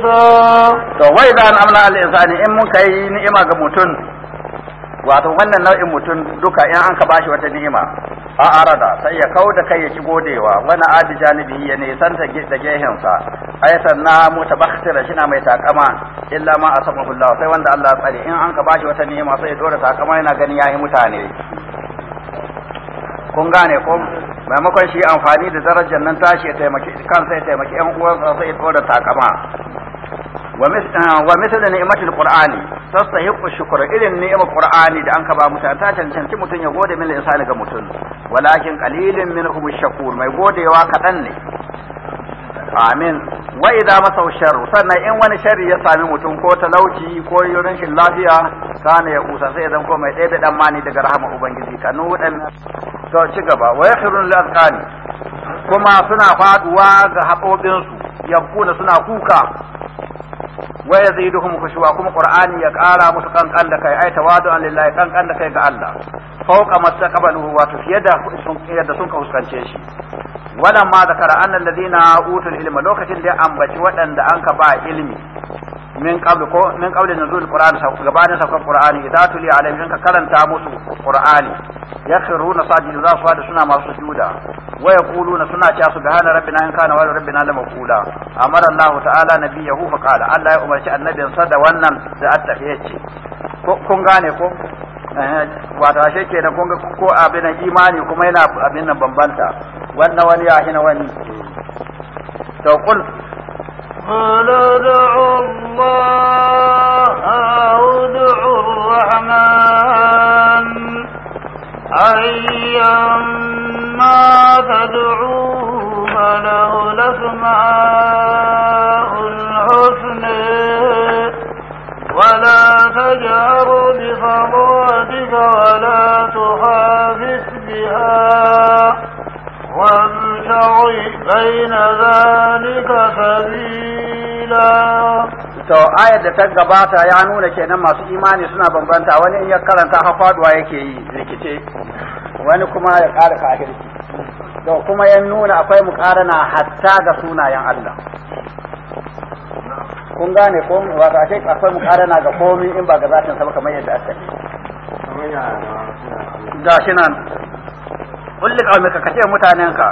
to wai da an amna al insani in mun kai ni'ima ga mutum wato wannan nau'in mutum duka in an ka bashi wata ni'ima a arada sai ya kau da kai ya ci godewa wani adi janibi ya nisanta da gehensa ai sanna mutabakhtira shi na mai takama illa ma asamahu Allah sai wanda Allah ya tsare in an ka bashi wata ni'ima sai ya dora takama yana gani yayi mutane kun gane ko maimakon shi amfani da darajar nan tashi ya taimaki kansa ya taimaki yan uwansa sai ya dora takama wa misal ah, ni'matul qur'ani tastahiqu shukr irin ni'mar qur'ani da anka ba mutane ta cancanci mutun ya gode min lisan ga mutun walakin qalilun minhum shakur mai godewa kadan ne amin wa idza masau sharru sannan in wani sharri ya sami mutum ko talauci ko rashin lafiya kana ya kusa sai zan ko mai da dan mani daga rahama ubangiji kanu dan to ci gaba wa yakhrun lil azqani kuma suna faduwa ga haƙoƙinsu yankuna suna kuka wa yaziduhum khushu'a kuma qur'ani ya ƙara musu kankan da kai ai tawadu'an lillahi kankan da kai ga Allah fawqa mastaqbaluhu wa tafiyada sun yadda sun ka huskance shi Wanan ma zakara annal ladina utul ilma lokacin da ya ambaci waɗanda an ka ba ilmi min qabli ko min qabl nuzul qur'an sa gabanin sa qur'ani idza tuli alaihim ka karanta musu qur'ani yakhruna sajidin za su suna masu juda wa yaquluna suna cewa subhana rabbina in kana wa rabbina la maqula amara allah ta'ala nabiyahu fa qala allah ya umarci annabin sa da wannan da attafiye ko kun gane ko eh, wato ashe kenan kun ga ko abin imani kuma yana abin nan bambanta wannan wani ya hina wani to kul قل ادعوا الله أو ادعوا الرحمن أيما تدعو فله الأسماء الحسن ولا تجهر بصبوتك ولا تخافت بها نبغي بين ذلك سبيلا to ayar da ta gabata ya nuna kenan masu imani suna bambanta wani in ya karanta hafaduwa yake yi rikice wani kuma ya ƙara kafirci to kuma ya nuna akwai na hatta ga sunayen Allah kun gane ko wato ashe akwai na ga komai in ba ga zatin sa kamar yadda aka yi ga shi nan kulli qaumika kace mutanenka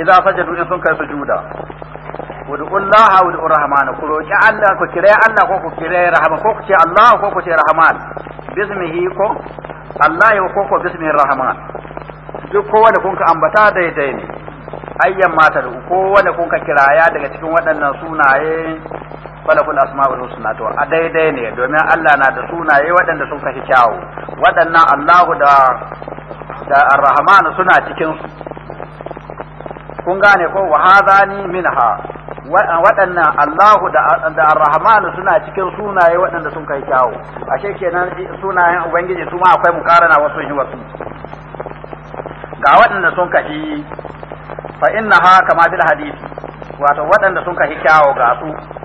idza sajadu in sun kai sujuda wad'ullaha wad'ur rahmana ku roki Allah ku kire Allah ko ku kire rahama ko ku ce Allah ko ku ce rahman bismihi ko Allah ko ko bismihi rahman duk kowa da kun ka ambata daidai ne ayyan mata da ko wanda kun ka kiraya daga cikin waɗannan sunaye falakul asma'ul husna to a daidai ne domin Allah na da sunaye waɗanda sun kashi kyawu waɗannan Allahu da da Ar-Rahman suna cikin su kun gane ko wa hadani minha waɗannan Allahu da Ar-Rahman suna cikin sunaye waɗanda sun kai kyawu ashe kenan sunayen Ubangiji su ma akwai mukarana wasu shi wasu ga waɗanda sun kashi fa innaha kama fil hadisi wato waɗanda sun kahi kyawo ga su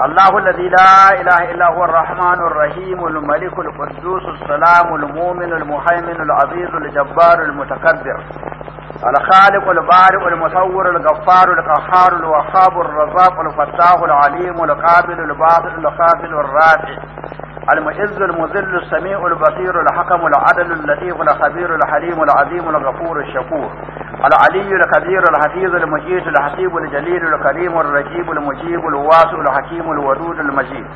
Allahu alladhi la ilaha illa huwa ar al-malik al-quddus al-mu'min al-muhaymin al-aziz al-jabbar al-mutakabbir الخالق البارئ المصور الغفار القهار الوهاب الرزاق الفتاح العليم القابل الباطل الخافل الرافع المعز المذل السميع البصير الحكم العدل اللطيف الخبير الحليم العظيم الغفور الشكور العلي الكبير الحفيظ المجيد الحسيب الجليل الكريم الرجيب المجيب الواسع الحكيم الودود المجيد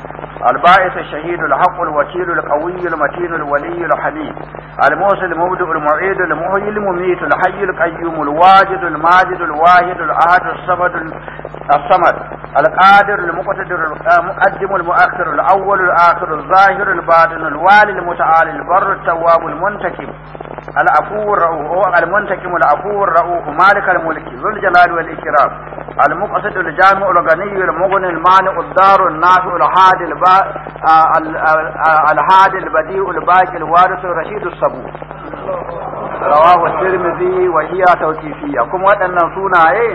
الباعث الشهيد الحق الوكيل القوي المتين الولي الحميد الموصل المبدئ المعيد المحيي المميت الحي القيوم القيوم الواجد الماجد الواحد الأحد الصمد الصمد القادر المقتدر المقدم المؤخر الأول الآخر الظاهر الباطن الوالي المتعالي البر التواب المنتكب العفو الرؤوف المنتكم العفو الرؤوف مالك الملك ذو الجلال والإكرام المقصد الجامع الغني المغني المانع الدار النافع الهادي البا... الهادي البديع الباقي الوارث الرشيد الصبور rawahu tirmidhi wa hiya tawqifiyya kuma waɗannan sunaye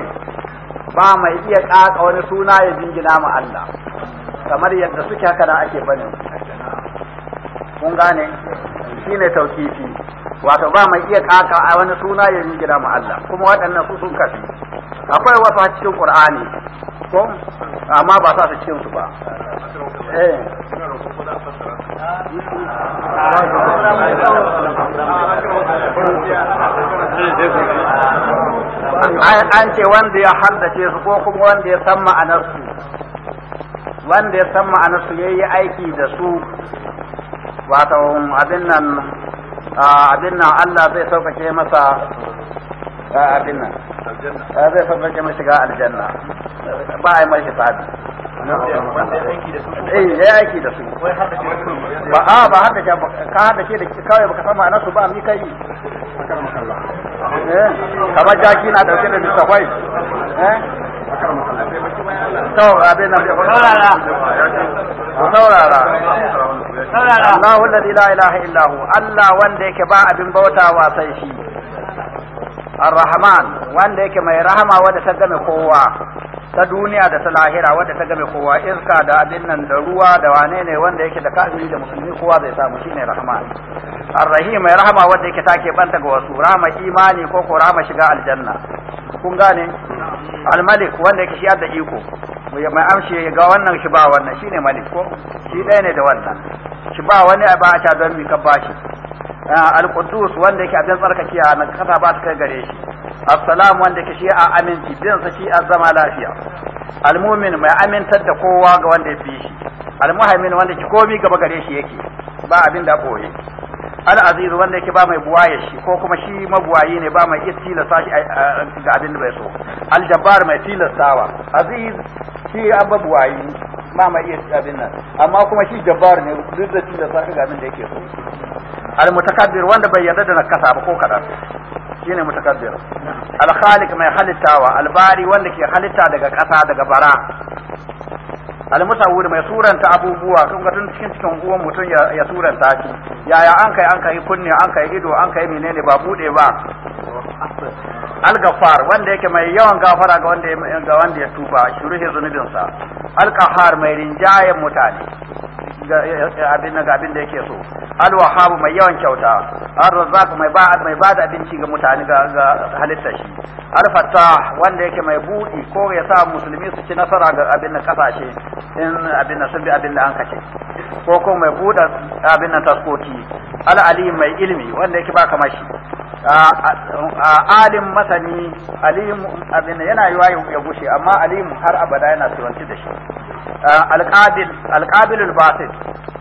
ba mai iya ƙaƙa wani suna ya jingina ma Allah kamar yadda suke haka nan ake bane kun gane shine tawqifi wato ba mai iya kaka a wani suna ya yi gida mu Allah kuma waɗannan su sun kafi akwai wasu a cikin Qur'ani ko amma ba sa su cikin su ba eh. an ce wanda ya haddace su ko kuma wanda ya san ma'anar su wanda ya san ma'anar su yayi aiki da su wato abin nan Ah, abin nan Allah zai sauƙaƙe masa ah, abin nan ah, zai sauƙaƙe masa shiga aljanna ba a yi mai hisabi eh ya aiki da su eh, ba a ba haka ka haka ke kawai baka san ma'anar su ba mi eh, na dauke saurara saurara Allahu la ilaha illa hu Allah wanda yake ba abin bautawa sai shi Ar-Rahman wanda yake mai rahama wanda ta game kowa ta duniya da ta lahira wanda ta game kowa iska da abin nan da ruwa da wane ne wanda yake da kafiri da musulmi kowa zai samu shine Rahman Ar-Rahim mai rahama wanda yake take banta ga wasu rahama imani ko ko rahama shiga aljanna kun gane al-malik wanda yake shi da iko mai amshi ya ga wannan shi ba wannan ne malik ko shi ɗaya ne da wannan shi ba wani ba a ta don mika bashi ah, al-qudus wanda yake abin tsarkake a nan kasa ba ta kai gare shi assalam wanda yake shi a aminci din sa shi a zama lafiya al-mu'min mai amintar da kowa ga wanda ya fi shi al muhammin wanda ki komi gaba gare shi yake ba abin da koyi al-aziz wanda yake ba mai buwaye shi ko kuma shi mabuwayi ne ba mai tilasta shi ga abin da bai so al-jabbar mai tilastawa aziz shi an buwayi ba mai iya abin nan amma kuma shi jabbar ne duk da tilasta sashi ga abin da yake so al-mutakabbir wanda bai yarda da nakasa ba ko kadan shine mutakabbir al-khaliq mai halittawa al-bari wanda ke halitta daga ƙasa daga bara al-musawwir mai suranta abubuwa kun ga tun cikin cikin uwan mutum ya suranta shi yaya an kai an kai kunne an kai ido an kai menene ba bude ba al-ghaffar wanda yake mai yawan gafara ga wanda ga wanda ya tuba shuruhi sa al qahar mai rinjayen mutane abin ga abin da yake so al-wahhab mai yawan kyauta ar-razzaq mai ba mai bada abinci ga mutane ga halitta shi arfata wanda yake mai buɗi ko ya sa musulmi su ci nasara ga abin da kasashe in abin da sun bi abin da an kace ko ko mai buɗe abin da taskoti al'ali mai ilimi wanda yake baka mashi alim masani alim abin yana yiwa ya gushe amma alim har abada yana siwanci da shi alqabil alqabilul basit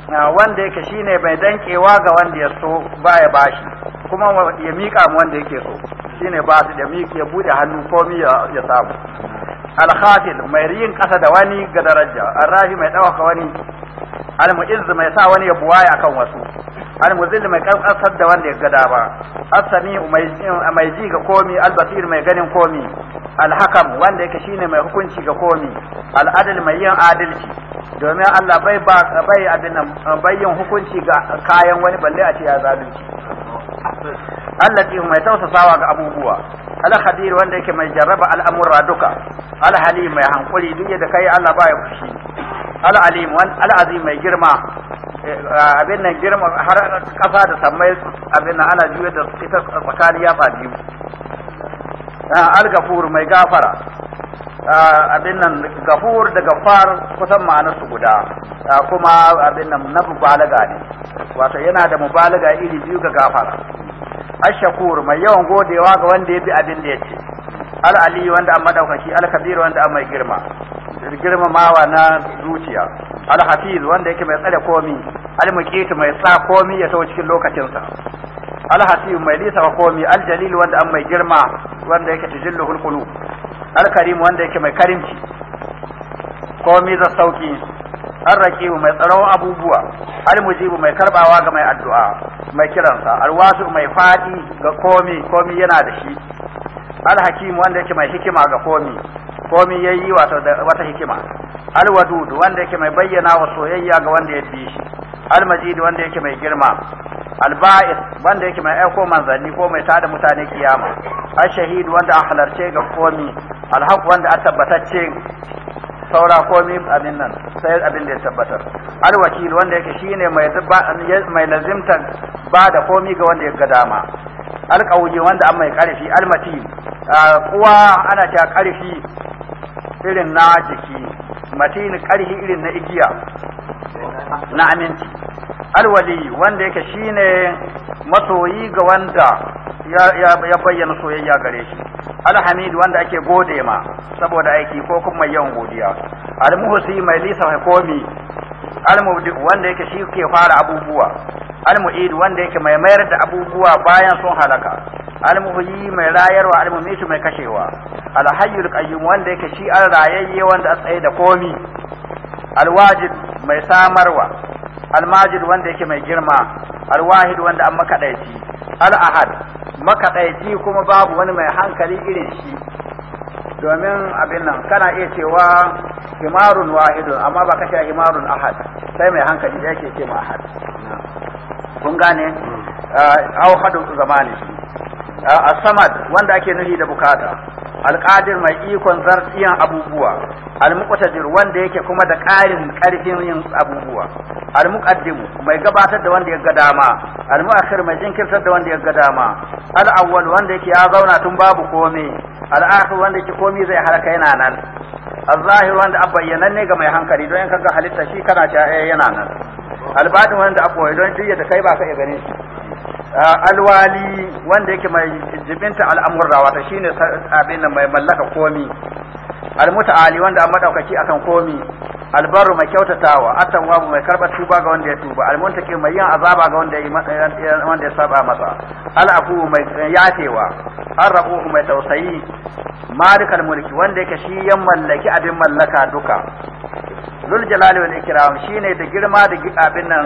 wanda yake shine mai dankewa ga wanda ya so baya bashi kuma ya mika mu wanda yake shine ba su da miki ya bude hannu komi ya samu alkhatil mai riyin kasa da wani ga daraja arrahi mai dawaka wani almu'izz mai sa wani ya buwaya akan wasu almuzil mai kasar da wanda ya gada ba asami mai ji ga komi albasir mai ganin komi alhakam wanda yake shine mai hukunci ga komi al'adil mai yin adalci domin Allah bai ba bai abin nan yin hukunci ga kayan wani balle a ce ya zalunci allati mai tausasawa ga abubuwa al khadir wanda yake mai jarraba Amura duka al halim mai hankuri duk yadda kai Allah ba ya fushi al alim wan al azim mai girma abin nan girma har kasa da samai abin nan ana juya da ita tsakani ya biyu al-gafur mai gafara abin nan gafur da gafar kusan ma'anar su guda kuma abin nan na mubalaga ne wato yana da mubalaga iri biyu ga gafara ashakur mai yawan godewa ga wanda ya bi abin da ya ce al-ali wanda an madaukaki al-kabir wanda an mai girma girmamawa na zuciya alhafiz wanda yake mai tsare komi al mai tsa komi ya tawo cikin lokacinsa al-hafiz mai lisa komi al-jalil wanda an mai girma wanda yake tijillu hulqulu al wanda yake mai karimci komi za sauki ar mai tsaron abubuwa al mai karbawa ga mai addu'a mai kiransa al mai fadi ga komi komi yana da shi al wanda yake mai hikima ga komi komi ya yi wata hikima alwadud wanda yake mai bayyana wa soyayya ga wanda ya bi shi almajid wanda yake mai girma alba'is wanda yake mai aiko manzanni ko mai tada mutane kiyama ashahidu wanda a halarce ga komi alhaq wanda a tabbatacce saura komi abin nan sai abin da ya tabbatar alwakil wanda yake shine mai mai lazimta ba da komi ga wanda ya ga dama alƙawuji wanda an mai ƙarfi almati kuwa ana ta karfi irin na jiki matin ƙarfi irin na igiya na aminci alwali wanda yake shine masoyi ga wanda ya bayyana soyayya gare shi alhamid wanda ake gode ma saboda aiki ko kuma yawan godiya almuhsi mai lisa komi almubdi wanda yake shi ke fara abubuwa almu'id wanda yake mai mayar da abubuwa bayan sun halaka almuhyi mai rayarwa almumitu mai kashewa alhayyul qayyum wanda yake shi an rayayye wanda a tsaye da komi alwajid mai samarwa almajid wanda yake mai girma alwahid wanda an makaɗaici al'ahad makaɗaici kuma babu wani mai hankali irin shi domin abin nan kana iya cewa himarun wahidun amma ba kashe himarun ahad sai mai hankali da yake ce ma ahad kun gane hmm. ah, au hadu zamani a ah, samad wanda ake nuhi da bukata alƙadir mai ikon zartiyan abubuwa almuqtadir wanda yake kuma da ƙarin ƙarfin yin abubuwa almuqaddimu mai gabatar da wanda ya ga dama almuakhir mai jinkirtar da wanda ya ga dama alawwal wanda yake ya zauna tun babu komai alakhir wanda yake komai zai haraka yana nan azahir wanda abayyana ne ga mai hankali don in kaga halitta shi kana ta eh, yana nan albadin wanda aboye don duk da kai ba ka iya ganin shi Ah, alwali wanda yake mai jibinta al'amurra wata shine abin mai mallaka komi almuta'ali wanda an madaukaki akan komi albaru mai kyautatawa atan wabu mai karba tuba ga wanda ya tuba al mai yin azaba ga wanda ya wanda ya saba masa alafu mai yafewa ar mai tausayi malikal mulki wanda yake shi yan mallaki abin mallaka duka lul jalali wal ikram shine da girma da abin nan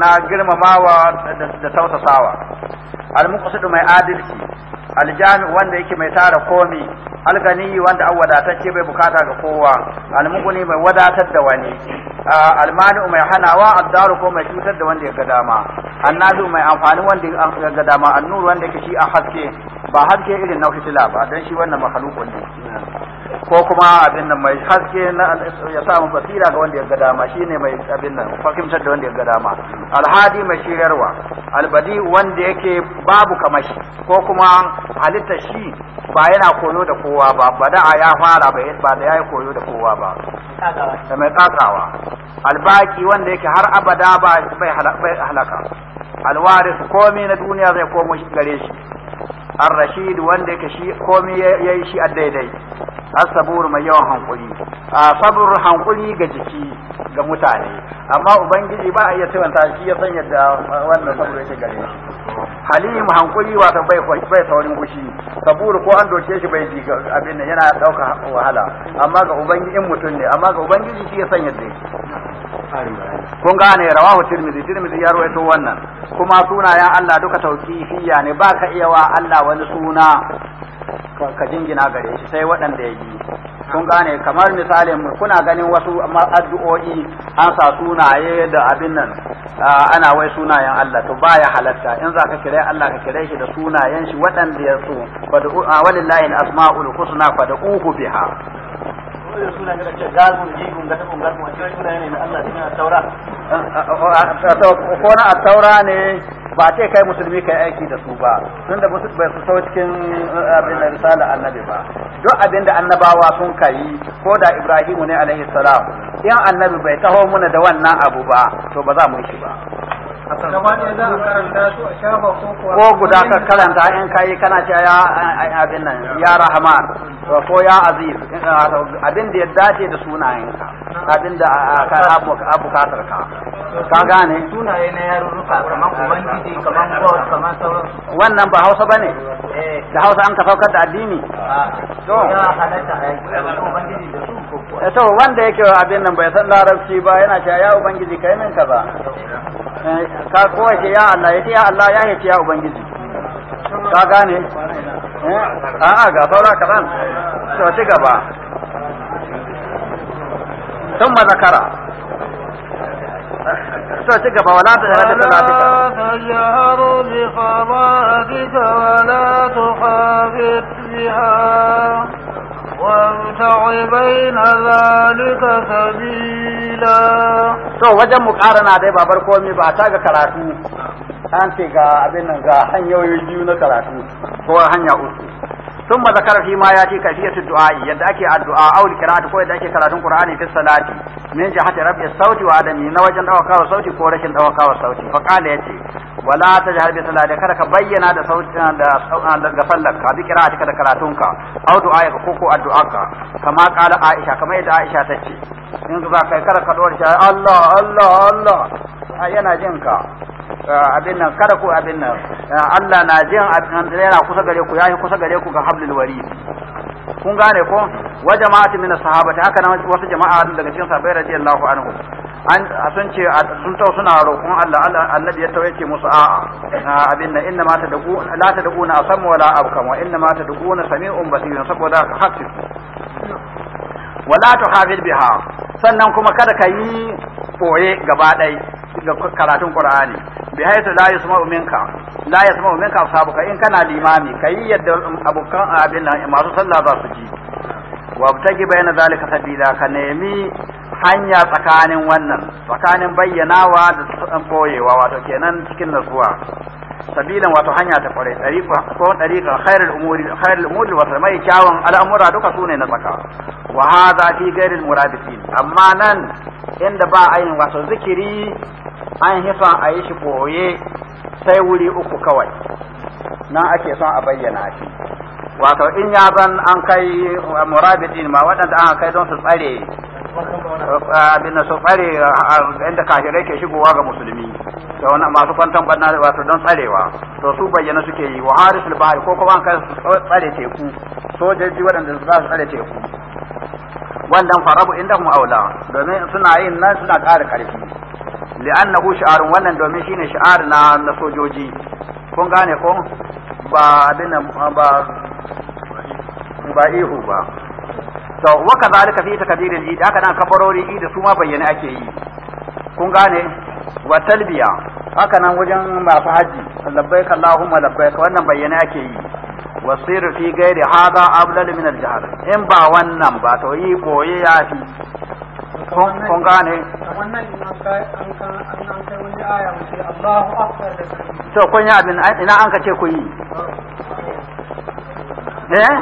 na girmamawa da tausasawa al-muqsid mai adalci al-jami wanda yake mai tara komi al-gani wanda an wadatacce bai bukata ga kowa al-muqni mai wadatar cutar da wani almani mai hanawa addaru ko mai cutar da wanda ya ga dama annazu mai amfani wanda ya ga dama annur wanda yake shi a haske ba haske irin na fitila ba dan shi wannan makhluk ne ko kuma abin nan mai haske na ya samu basira ga wanda ya ga dama shine mai abin nan fahimtar da wanda ya ga dama alhadi mai shiryarwa albadi wanda yake babu kamashi ko kuma halitta shi ba yana koyo da kowa ba bada ya fara ba da yayi koyo da kowa ba mai tsatsawa albaki wanda yake har abada ba bai halaka alwaris komai na duniya zai komo shi gare shi ar-rashid wanda yake shi komai yayi shi a daidai as-sabur mai yawan hankuri a sabur hankuri ga jiki ga mutane amma ubangiji ba a iya ta shi ya san yadda wannan sabur yake gare shi halim hankuri wato bai bai saurin gushi sabur ko an doke shi bai ji abin nan yana dauka wahala amma ga ubangiji in mutum ne amma ga ubangiji shi ya san yadda yake kun gane rawahu tirmidhi tirmidhi ya rawaito wannan kuma sunayen Allah duka tauqifiyya ne baka ka iya wa Allah wani suna ka jingina gare shi sai waɗanda ya yi kun gane kamar misalin kuna ganin wasu addu'o'i an sa sunaye da abin nan ana wai sunayen Allah to baya halatta in za ka kire Allah ka kire shi da sunayen shi waɗanda ya so walillahi al-asma'ul husna fad'uhu biha da suna a ne Allah ba ce kai musulmi kai aiki da su ba tun da musulmi bai su sau cikin eh, abin da risala annabi ba duk abin da annabawa sun kai ko da Ibrahimu ne alaihi salam in annabi bai taho muna da wannan abu ba to ba za mu shi ba ko guda ka karanta in kai kana cewa ya eh, eh, abin nan ya rahman ko ya aziz eh, abin da ya dace da sunayenka abin da ka abu kasar ka ka gane sunaye na yarurruka kamar ubangiji kamar god kamar sauran wannan ba hausa bane da hausa an ka saukar da addini to ya halatta ubangiji da su to wanda yake abin nan bai san larabci ba yana cewa ya ubangiji kai min kaza ka kowa ce ya Allah ya ce ya Allah ya haifi ya ubangiji ka gane eh? a a ga saura kaɗan to ci gaba sun mazakara to ci gaba wala ta jara da talatika wala ta وابتغ بين ذلك سبيلا to wajen mukarana dai babar komi ba ta ga karatu an ce ga abin nan ga hanyoyi biyu na karatu ko hanya uku sun ba zakar fi ma ya ce kashi ya yadda ake addu'a a wuri kira ko yadda ake karatun ƙur'ani fi salati min ji hati rabbi sauti wa na wajen ɗawa kawa sauti ko rashin ɗawa kawa sauti fa ƙala ya ce wala ta ji harbi salati kada ka bayyana da sauti da sallar ka bi kira a cikin karatun ka au du'a ya ka ko ko addu'a kama ƙala a'isha kama yadda a'isha ta ce in za ka yi kada ka ɗora Allah Allah Allah yana jin ka ah, abin nan kada ku abin nan ah, Allah na jin yana kusa gare ku yayi kusa gare ku ga hablul wari kun gane ko wa jama'atin min sahabati haka nan wasu jama'a daga cikin sahabbai radiyallahu anhu an sun ce sun tau suna roƙon Allah Allah annabi ya tawaye musu a ah, abin nan inna ma dugu la na asamu wala abkam wa inna ma na sami'un basirun saboda hakki wala ta tuhafid biha sannan kuma kada ka yi boye gaba ɗai ga karatun qur'ani bi haitu la yasma'u minka la yasma'u minka sabuka in kana limami kai yadda abokan abin masu sallah za su ji wabtaki bayna zalika sabila ka nemi hanya tsakanin wannan tsakanin bayyanawa da koyewa wato kenan cikin nasuwa sabilan wato hanya ta kware dariqa ko dariqa khairul umuri khairul umuri wa mai kyawun al'amura duka sune na tsaka wa hadha fi ghairil murabitin amma nan inda ba ayin wato zikiri an hifa a yi shi koye sai wuri uku kawai nan ake son a bayyana shi wato in ya zan an kai murabidin ma waɗanda an kai don su tsare abin su tsare inda kafirai ke shigowa ga musulmi da wani masu kwantan banna wato don tsarewa to su bayyana suke yi wa harisul bahari ko kuma an kai su tsare teku sojoji waɗanda za su tsare teku wannan farabu inda mu aula domin suna yin nan suna ƙara ƙarfi li'annahu shi'arun wannan domin shine shi'ar na sojoji kun gane ko ba abin ba ba ihu ba to wa kadhalika fi takbiril eid haka nan kabarori eid su ma bayyane ake yi kun gane wa talbiya haka nan wajen masu haji labbaik allahumma labbaik wannan bayyane ake yi wa sir fi gairi hada ablal min al jahr in ba wannan ba to yi boye ya fi kun gane wannan an kai an kai wani aya Allahu akbar da to kun yi abin ina an ka ce ku yi oh, eh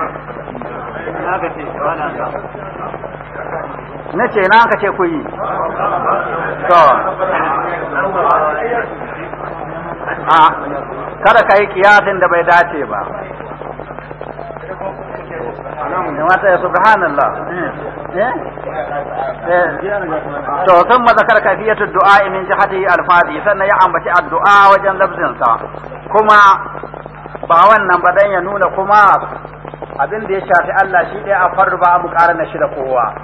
na ce na ce ku to a kada ka yi kiyasin da bai dace ba mata ya subhanallah eh? Eh. to sun mazakar ta du'a min jihati alfadi sannan ya ambaci addu'a wajen labzinsa kuma ba wannan ba dan ya nuna kuma abin da ya shafi Allah shi ɗaya a farru ba a muƙarana shi da kowa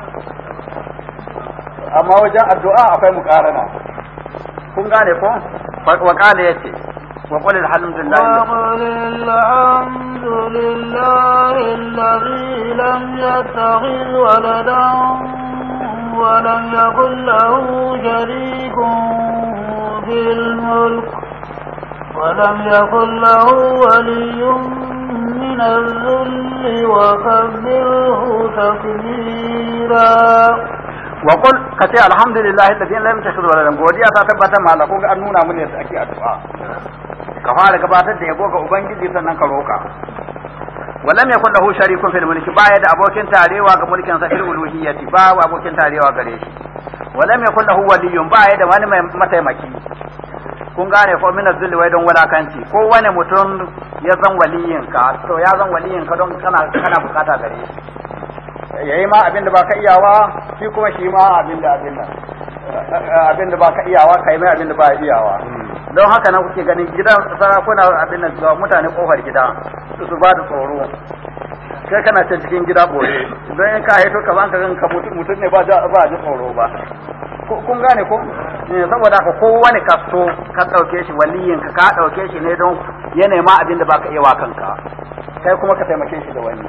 amma wajen addu'a akwai muƙarana kun gane ko wa ƙala ya ce wa ƙulil alhamdulillah alhamdulillah alladhi lam yattakhidh waladan ولم يكن له شريك bil mulk ولم يكن له ولي من الذل وكبره تكبيرا وقل كتي الحمد لله الذي لم يتخذ ولدا godiya ta tabbatar ma ko an mun yadda ake addu'a ka fara gabatar da yabo ga ubangiji sannan ka roka walam yakun lahu sharikun fil mulki ga mulkin sa fil uluhiyyati ba abokin tarewa gare shi walam yakun lahu waliyyun baya da wani mai mataimaki kun gane ko min zulli wai don walakanci ko wani mutum ya zan waliyinka to ya zan waliyinka don kana kana bukata gare shi yayi ma abin da baka iyawa shi kuma shi ma abin da abin nan abin da baka iyawa kai mai abin da ba iyawa don haka nan kuke ganin gidan sarakuna abin nan zuwa mutane kofar gida su ba da tsoro kai kana cikin gida boye don in ka haito ka ban ka mutum ne ba ba ji tsoro ba kun gane ko eh, saboda ka wani kaso ka ɗauke shi waliyin ka ka ɗauke shi ne don ya nema abin da baka iya wa kanka kai kuma ka taimake shi da wani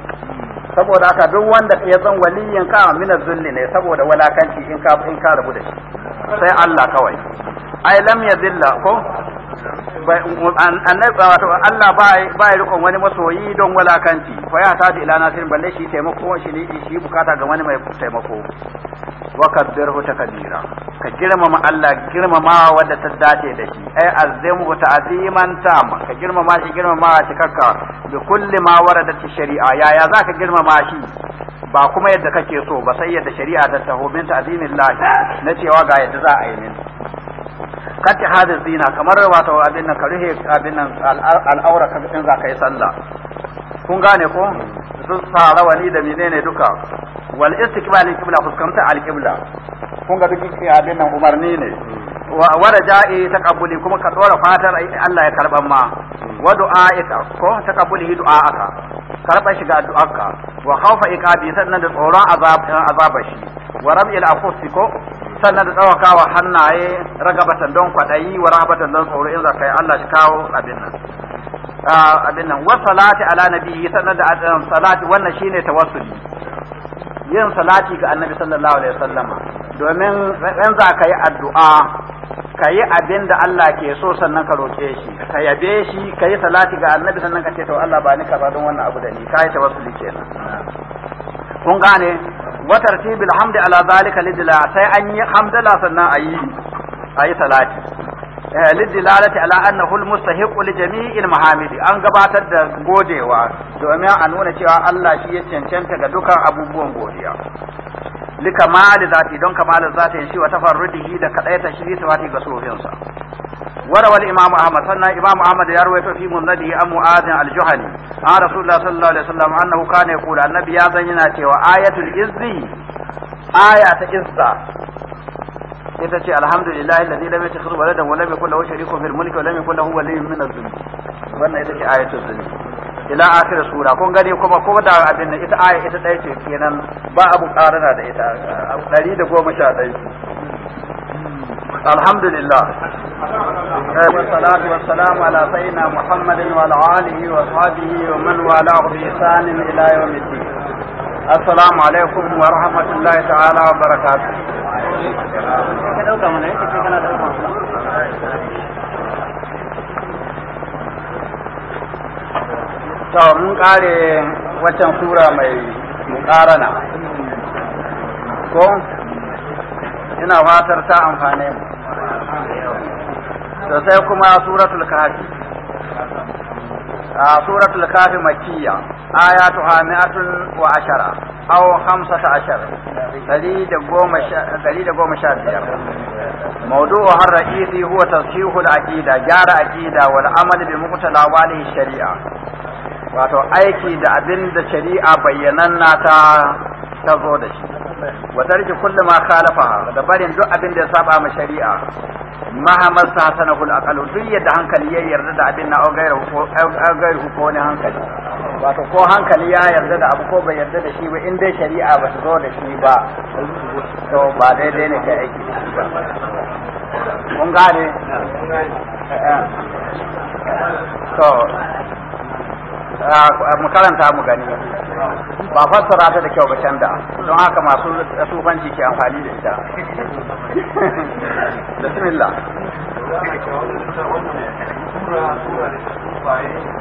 saboda haka duk wanda ya zan waliyin ka mina zulli ne saboda walakanci in ka in ka rabu da shi sai Allah kawai ai lam yadilla ko annabi wato Allah ba ya rikon wani masoyi don walakanci fa ya ta ila nasirin balle shi taimako shi ne shi bukata ga wani mai taimako wa kabbirhu takbira ka girmama Allah girmama wanda ta dace da shi ai azzimu ta'ziman tam ka girmama shi girmama shi kakka bi kulli ma warada shari'a yaya zaka girmama shi ba kuma yadda kake so ba sai yadda shari'a ta taho min na cewa ga yadda za a yi min kati hadis zina kamar wato abin nan ka rufe abin nan al'aura ka in za ka yi sallah kun gane ko su tsara wani da menene duka wal istiqbal qibla fuskanta al-qibla kun ga duk abin nan umarni ne wa raja'i taqabbuli kuma ka tsora fatar Allah ya karban ma wa du'a'ika ko taqabbulihi du'a'aka karban shiga du'arka wa khawfa iqabi sannan da tsoron azab azabashi wa rab'il afusi ko sannan da tsawakawa hannaye ragabatan don kwaɗayi wa rahabatan don tsoro in yi Allah shi kawo abin nan ah, abin nan wa salati ala nabiyyi sannan da ah, salati wannan shine tawassuli yin salati ga annabi sallallahu alaihi wasallama domin in za ka yi addu'a ka yi abin da Allah ke so sannan ka roƙe shi ka yabe shi ka yi salati ga annabi sannan ka ce to Allah ba ni ba don wannan abu da ni ka yi tawassuli kenan kun gane wa tartibil hamdi ala zalika lidila sai an yi hamdala sannan ayi ayi salati eh, lidilalati ala annahu almustahiq li jami'in mahamidi an gabatar da godewa domin a nuna cewa Allah shi ya cancanta ga dukan abubuwan godiya likamali zati don kamalin zata shi wa tafarrudihi da kadaita shi sifati ga sufinsa وروى الإمام أحمد سنة إمام أحمد يروي في مسنده عن معاذ الجهني عن رسول الله صلى الله عليه وسلم أنه كان يقول النبي يا زينة وآية الإز آية إزة ita ce alhamdulillah alladhi lam yattakhidh waladan wa lam yakul lahu sharikun fil mulki wa lam yakul lahu waliyyun min adh-dhulm wannan ita ce ayatul dhulm ila akhir sura kun gani kuma ko da abin nan ita aya ita dai ce kenan ba abu karana da ita 111 alhamdulillah والصلاة والسلام على سيدنا محمد وعلى آله وصحبه ومن والاه بإحسان إلى يوم الدين. السلام عليكم ورحمة الله تعالى وبركاته. to mun kare waccan sura mai mukarana ko ina fatar ta amfane mu to sai kuma suratul kahfi a suratul kahfi makkiya ayatuha hamiatun wa ashara aw khamsata ashara dari da goma sha biyar موضوع الرئيسي هو تصحيح العقيدة جار عقيدة والعمل بمقتضى والي الشريعة wato aiki da abin da shari'a bayyanan ta ta zo da shi wa tarki kullu ma khalafa da barin duk abin da ya saba ma shari'a sa sana kullu aqalu duk yadda hankali ya yarda da abin na gairu ko gairu ko ne hankali wato ko hankali ya yarda da abu ko bai yarda da shi ba in dai shari'a ba ta zo da shi ba to ba daidai ne kai aiki da shi ba kun gane to mu karanta mu gani ba fassara ta da kyau ba canza don haka masu sufanci ke amfani da ita bismillah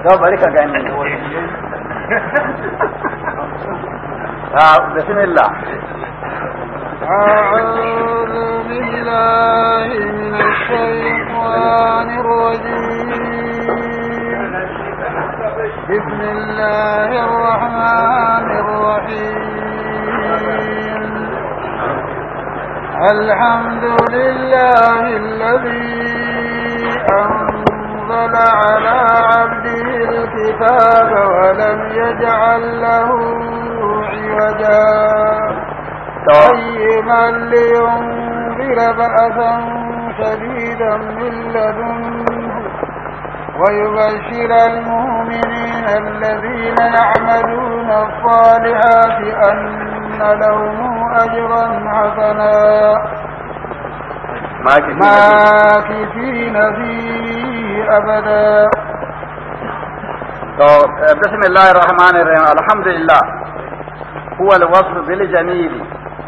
to bari ka gani ah, bismillah أعوذ بالله من الشيطان الرجيم بسم الله الرحمن الرحيم الحمد لله الذي أنزل على عبده الكتاب ولم يجعل له عوجا قيما لينذر بأسا شديدا من لدنه ويبشر المؤمنين الذين يعملون الصالحات أن لهم أجرا حسنا ماكثين فيه أبدا بسم الله الرحمن الرحيم الحمد لله هو الوصف بالجميل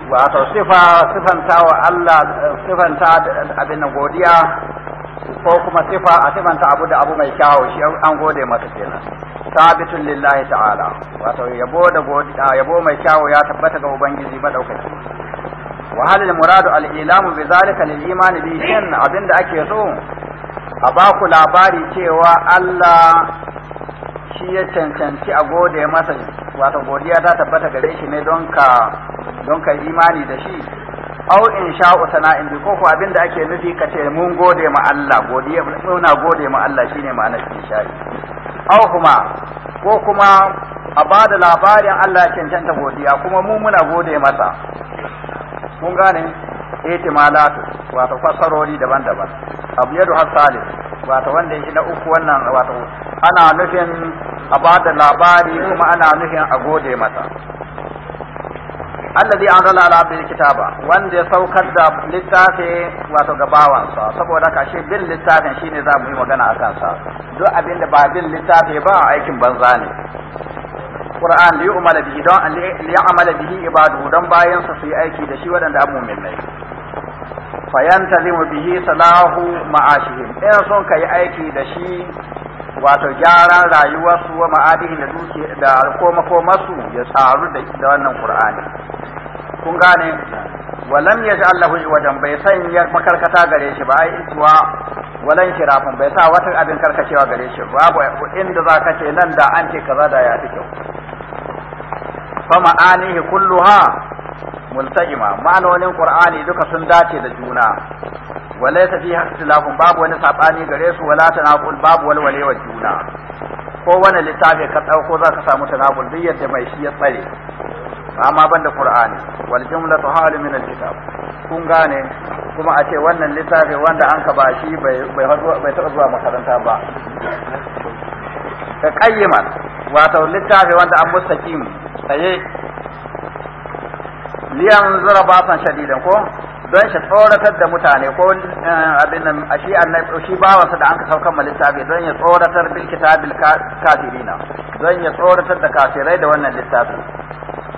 wato صفة صفة wa صفة sifanta uh, uh, abin ko kuma sifa a sifanta abu da abu mai kyawo shi an gode masa kenan sabitun lillahi ta'ala wato yabo da godiya yabo mai kyawo ya tabbata ga ubangiji madaukaki wa halil muradu al ilamu bi zalika lil imani bi shin abinda ake so a ba ku labari cewa Allah shi ya cancanci a gode masa wato godiya ta tabbata gare shi ne don ka don ka imani da shi au in usana in bi koko abinda ake nufi ka ce mun gode ma Allah godiya muna gode ma Allah shine ma'anar insha'i au kuma ko kuma a bada labarin Allah cancanta godiya kuma mu muna gode masa kun gane ihtimalatu wato fasarori daban-daban abu yadu hasalis wato wanda yake na uku wannan wato ana nufin a bada labari kuma ana nufin a gode masa allazi anzala ala abdil kitaba wanda ya saukar da littafi wato ga bawansa saboda ka shi bin littafin shine za mu yi magana a kansa, duk abin da ba bin littafi ba aikin banza ne qur'an li yu'mala bihi don li amala bihi ibadu don bayan sa su yi aiki da shi wadanda an mu'minai fayantazimu bihi salahu ma'ashihim in sun kai aiki da shi wato gyaran rayuwarsu wa ma'adihin da dukiya da komakomarsu ya tsaru da wannan qur'ani kun gane walam ya ji Allah wajen bai ya makarkata gare shi ba ai ituwa walan shirafin bai sa wata abin karkacewa gare shi babu inda za ka ce nan da an ce kaza da ya fi kyau fa ma'anihi kulluha multajima ma'anonin qur'ani duka sun dace da juna walaysa fiha ikhtilafun babu wani sabani gare su wala tanaqul babu walwale wa juna ko wani littafi ka dauko zaka samu tanaqul bi yadda mai shi ya tsare amma banda qur'ani wal tu hal min al kitab kun gane kuma a ce wannan littafi wanda an ka ba shi bai bai taɓa zuwa makaranta ba ka qayyiman wato littafi wanda an mustaqim tsaye liyan zara basan shadidan ko don shi tsoratar da mutane ko eh, abin a shi annabi shi bawansa da an ka saukan littafi don ya tsoratar bil kitabil kafirina don ya tsoratar da kafirai da wannan littafi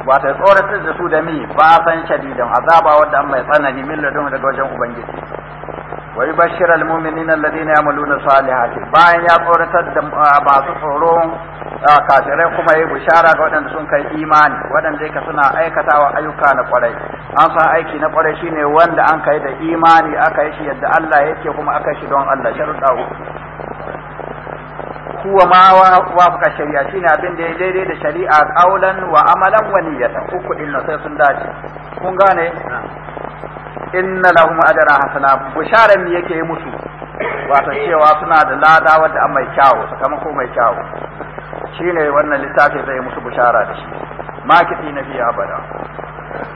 wato ya tsoratar da su da mi ba san shadidan azaba wanda an mai tsanani min ladun daga wajen ubangiji wa yubashshiral mu'minina alladhina ya'maluna salihati bayan ya tsoratar da ah, masu tsoro kafirai kuma yi bishara ga waɗanda sun kai imani waɗanda ka suna aikatawa ayyuka na ƙwarai, an san aiki na ƙwarai shine wanda an kai da imani aka yi shi yadda Allah yake kuma aka yi shi don Allah sharuɗa Kuwa ma wafuka shari'a shine abin da ya daidai da shari'a qaulan wa amalan wa niyyatan uku din nan sai sun dace kun gane inna lahum ajra hasana bisharan ne yake musu wato cewa suna da lada wadda mai kyawu sakamako mai kyawu Shi ne wannan littafin zai musu bushara da shi makiti na biya abada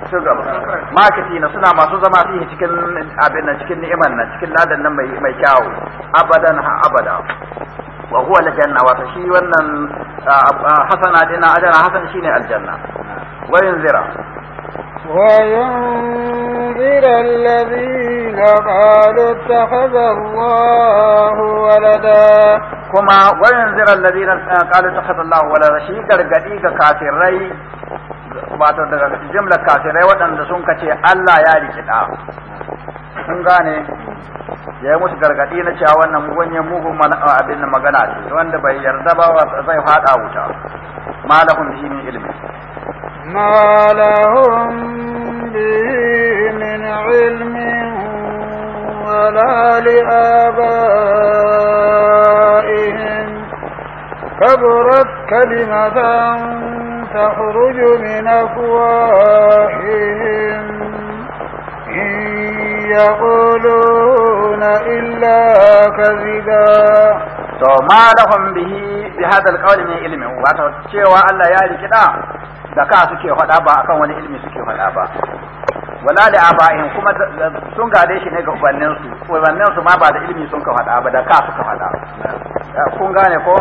su gaba makiti na suna masu zama fiye cikin abin nan cikin ni'imar nan cikin ladan nan mai kyawu abadan ha abada wa huwa aljanna wato shi wannan hasana dina ajana hasan shine aljanna wa yunzira وينذر الذين قالوا اتخذ الله ولدا كما وينذر الذين قالوا اتخذ الله ولدا شي gargadi ga kafirai wato daga jimlar kafirai waɗanda sun kace Allah ya riki sun gane ya yi musu gargaɗi na cewa wannan mugunyen mugun abin magana ce wanda bai yarda ba zai fada wuta malakun shi ne ilmi ما لهم به من علم ولا لآبائهم كبرت كلمة تخرج من أفواههم إن يقولون إلا كذبا to ma lahum bihi bi hadha alqawli min ilmi wato cewa Allah ya riki da da ka suke faɗa ba akan wani ilmi suke faɗa ba wala da aba'in kuma sun gade shi ne ga ubannin su ubannin su ma ba da ilmi sun ka faɗa ba da ka suka faɗa kun gane ko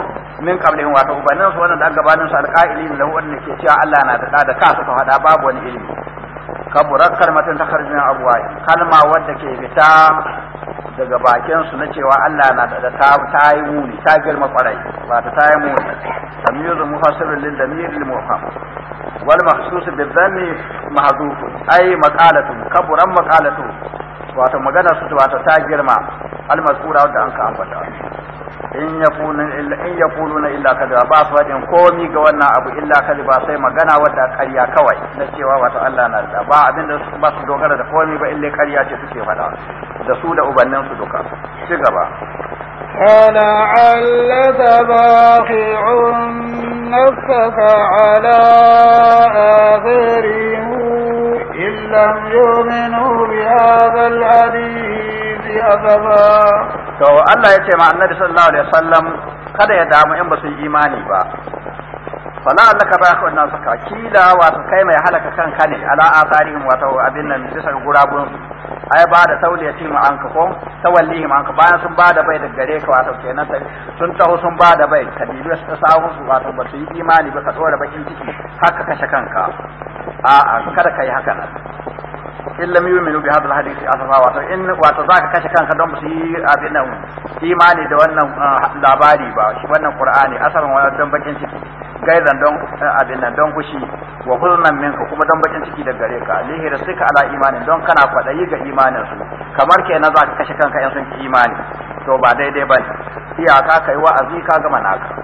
min qablihim wato ubannin su wannan da gabanin su alqa'ilin lahu wanda ke cewa Allah na da da ka suka faɗa babu wani ilmi kaburar kalmatin ta karfin abuwa kalma wadda ke fita daga bakin su na cewa Allah na da ta ta yi muni ta girma kwarai ba ta ta yi muni tamizu mufassirun lil damir lil mufham wal mahsus bil dhammi mahdhuf ay maqalatu kaburan maqalatu wato magana su wato ta girma almasura da an ka ambata in kunu illa in na illa kadaba ba su fadin komi ga wannan abu illa ba sai magana wadda ƙarya kawai na cewa wato Allah na da ba abin da ba su dogara da komi ba illa karya ce suke fada da su da ubannin su duka ci gaba قال علك باخع nafsa ala akhirin لم يؤمنوا بهذا الحديث أسفا to Allah ya ce ma annabi sallallahu alaihi wasallam kada ya damu in ba su imani ba fala allaka ba ku nan saka kila wato kai mai halaka kanka ne ala asarihim wato abin nan bisa gurabun ai ba da tauliyatin ma ka ko tawallihi an ka bayan sun ba da bai da gare ka wato kenan sai sun taho sun ba da bai kabilu su hu su wato ba su yi imani ba ka tsora bakin ciki haka kashe kanka a'a kada kai haka nan in lam yu'minu bi hadal hadisi asafa to in to zaka kashe kanka don su yi abin nan imani da wannan labari ba shi wannan qur'ani asaban wa don bakin ciki gaidan don abin nan don kushi wa hulnan minka kuma don bakin ciki da gare ka lihira suka ala imanin don kana kwadayi ga imanin su kamar kenan zaka kashe kanka in sun imani to ba daidai ba ne. iyaka kai wa'azi ka gama naka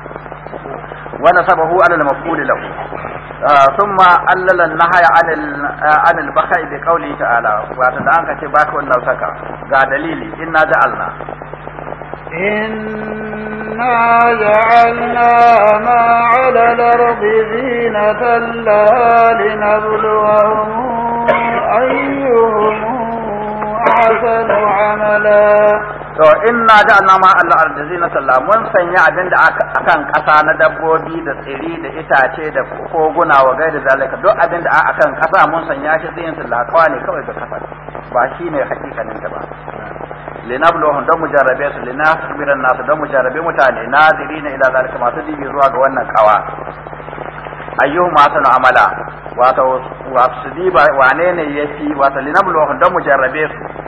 wa nasabahu ala al lahu آه، ثم علل النهي عن آه، عن البخاء بقوله تعالى وقال الان كتي باك والله سكا غا دليلي ان جعلنا إنا جعلنا ما على الأرض زينة لها لنبلوهم أيهم أحسن عملاً to inna ja'alna ma Allah na sallah mun sanya abin da akan kasa na dabbobi da tsiri da itace da koguna wa gaida zalika duk abin da akan kasa mun sanya shi zai yin sallah kawai ne kawai da kasa ba shi ne hakikanin ta ba linabluhum don mu jarrabe su linasbiran nasu don mu jarrabe mutane na ila zalika masu dibi zuwa ga wannan kawa ayyuhu ma sanu amala wato wa su diba wane ne yafi wato linabluhum don mu jarrabe su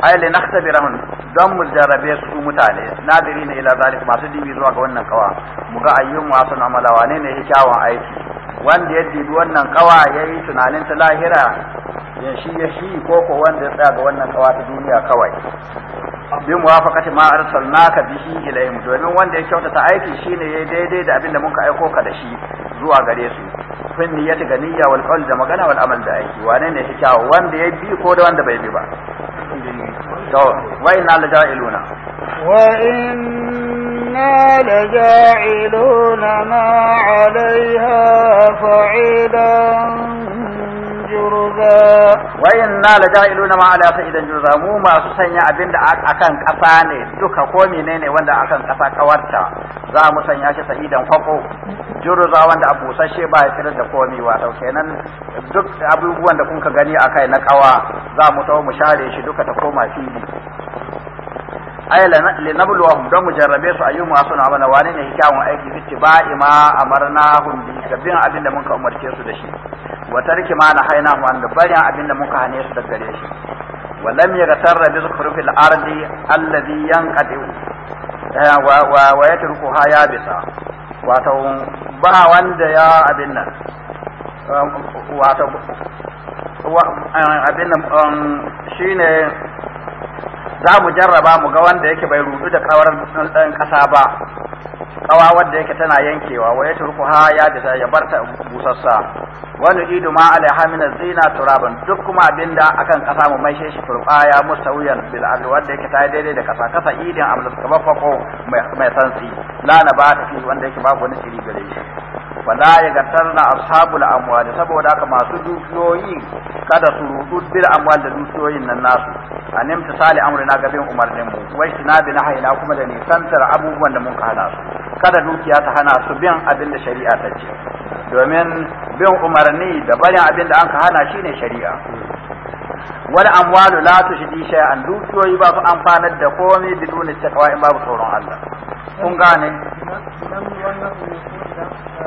ai li nakhtabirahum dan mu jarabe su mutane ne ila zalik masu dibi zuwa ga wannan kawa mu ga ayyun wa sun amala wane ne ya kyawun aiki wanda ya dibi wannan kawa yayi tunanin ta lahira ya shi ya shi ko ko wanda ya tsaya ga wannan kawa ta duniya kawai bi muwafaqati ma arsalnaka bihi ilayhim domin wanda ya kyautata aiki shine yayi daidai da abin da muka aiko ka da shi zuwa gare su kun niyyati ga niyya wal qawl da magana wal amal da aiki wane ne ya kyawu wanda ya bi ko da wanda bai bi ba to wa inna la ja'iluna wa inna jurza wa inna la ja'iluna ma ala sa'idan jurza mu ma su sanya abinda akan kasa ne duka ko menene wanda akan kasa kawarta za mu sanya shi sa'idan kwako jurza wanda a busashe ba ya kira da komi wa to kenan duk abubuwan da kun ka gani akai na kawa za mu tawo mu share shi duka ta koma fili ay linabluwahum don mu jarrabe su ayyuhum asuna amala wani ne kyawun aiki fi tibai ma hum bi sabbin abin da muka umarce su da shi wa tarki ma na haina mu an da bayan abin da muka hane su daga gare shi wa lam yaghtarra bi zukhrufil ardi alladhi yanqadi eh, wa wa wa yatrukuha bisa wato ba wanda ya abin nan um, wato um, abin nan um, shine za mu jarraba mu ga wanda yake bai rudu da kawar dan ƙasa ba kawa wadda yake tana yankewa wa ya ruku ha ya da ya barta busassa wani idu ma alaiha min zina turaban duk kuma abinda akan ƙasa mu maishe shi ya musawiyan bil ardi wanda yake ta daidai da kasa kasa idin amlus kabafako mai sansi la na ba ta fi wanda yake babu wani shiri gare shi wala ya gatarna ashabul amwali saboda haka masu dukiyoyi kada su rudu bil amwal da dukiyoyin nan nasu a nimta sali amrina gaban umarnin mu wai na bi nahayina kuma da nisantar abubuwan da mun hana su kada dukiya ta hana su bin abin da shari'a ta ce domin bin umarni da barin abin da an hana shi ne shari'a wani amwalu la tushdi shay'an dukiyoyi ba su amfanar da komai biduni taqwa in babu tsoron Allah kun gane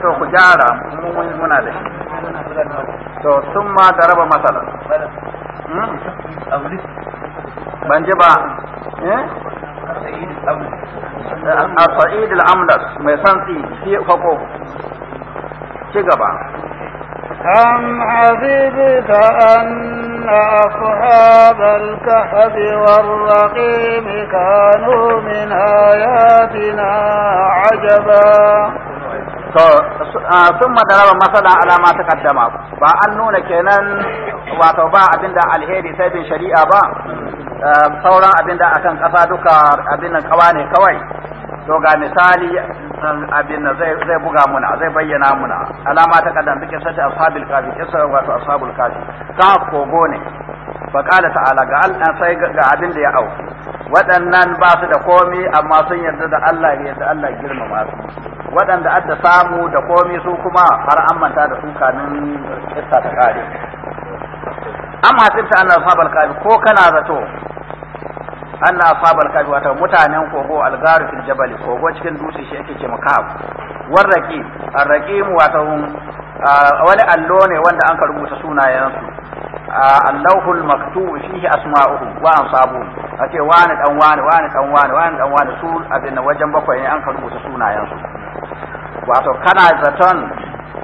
to ku gyara mun muna da shi to sun ma da raba matsala hmm? ban ji ba eh? a sa'id al-amdas mai santsi fi fako ci gaba أم حسبت أن أصحاب الكهف والرقيم كانوا من آياتنا عجبا to sun madaraba masala alama ta kaddama ba an nuna kenan wato ba abin da alheri sai bin shari'a ba eh, sauran abin abinda akan kasa duka abin nan kawa ne kawai to ga misali eh, abin nan zai buga muna zai bayyana muna alama ta kaddam take sace ashabul kafi kisa wato ashabul kafi ka kogo ne faƙala ta'ala ga Allah sai ga abin da ya au. waɗannan ba su da komi amma sun yarda da Allah ya yarda Allah girmama su waɗanda adda samu da komi su kuma har an manta da su kanin kissa ta kare an ta anna sabal kafi ko kana zato Allah sabal kafi wato mutanen kogo algaru fil jabal kogo cikin dutse shi yake ce makab warraqi arraqim wato wani allo ne wanda an ka rubuta sunayensu allahul maktubu fihi asma'uhum wa ansabuhum ake wani dan wani wani dan wani wani dan wani su abin wajen bakwai ne an ka rubuta sunayen su wato kana zaton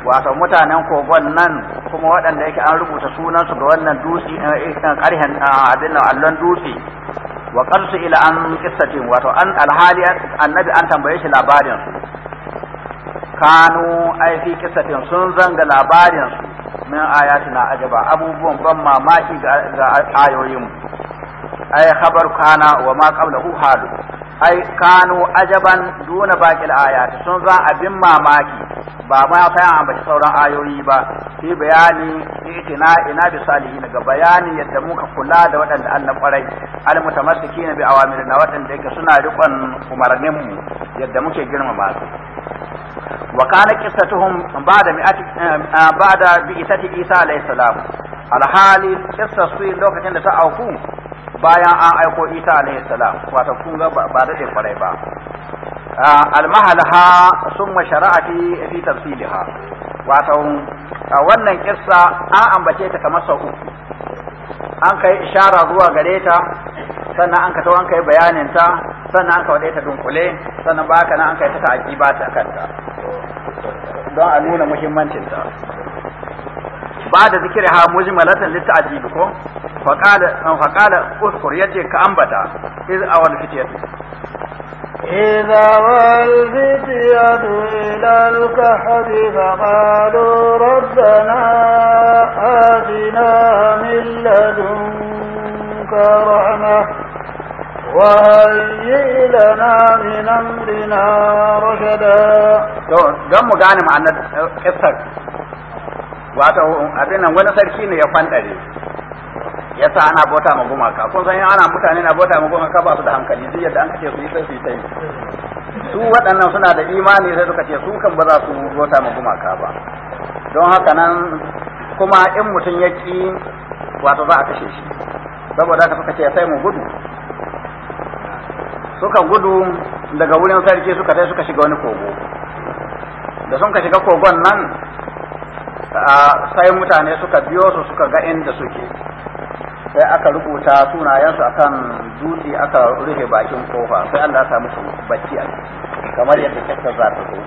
wato mutanen kogon nan kuma waɗanda yake an rubuta sunansu ga wannan dutse eh, eh, eh, ƙarhen abin nan allon dutse wa qarsu ila an qissatin wato an alhali annabi an tambaye shi labarin su kanu ai fi qissatin sun zanga labarin su min ayatina ajaba abubuwan ban mamaki ga ayoyin ay khabar kana wa ma qablahu halu ai kanu ajaban duna baƙil ayat sun za bin mamaki ba ma sai an ambaci sauran ayoyi ba fi bayani itina ina bi salihin ga bayani yadda muka kula da waɗanda Allah kwarai al mutamassikina bi awamirina waɗanda yake suna riƙon umarnin mu yadda muke girmama su وكان قصتهم بعد مئة بعد بئسة عيسى عليه السلام الحالي قصة سوي لوكة تأوكو بايا أيكو عيسى عليه السلام وتكون بعد ذلك المهلها ثم شرعت في تفصيلها wato wannan kissa an ambace ta kamar sau uku an kai ishara zuwa gare ta sannan an kato an kai bayanin ta sannan an kawo ta dunkule sannan baka nan an kai ta ta ba ta kanta don a nuna muhimmancinta ba da zikiri ha mujmalatan litta'jib ko faqala faqala uskur yace ka ambata iz awal fitiyat إذا والفتية إلى الكهف فقالوا ربنا آتنا من لدنك رحمة وهيئ لنا من أمرنا رشدا don mu gane ma'anar kissar wato abin nan wani sarki ne ya fantare ya sa ana bota ma gumaka kun san ana mutane na bota ma gumaka ba su da hankali duk yadda an kace su yi sai su yi su waɗannan suna da imani sai suka ce su kan ba za su bota ma gumaka ba don haka nan kuma in mutum ya ki wato za a kashe shi saboda haka suka ce sai mu gudu suka gudu daga wurin sarki suka sai suka shiga wani kogo da sun ka shiga kogon nan sai mutane suka biyo su suka ga inda suke sai aka rubuta sunayensu a kan dutse aka rufe bakin kofa sai Allah ya samu bacci a kamar yadda kissa za ta zo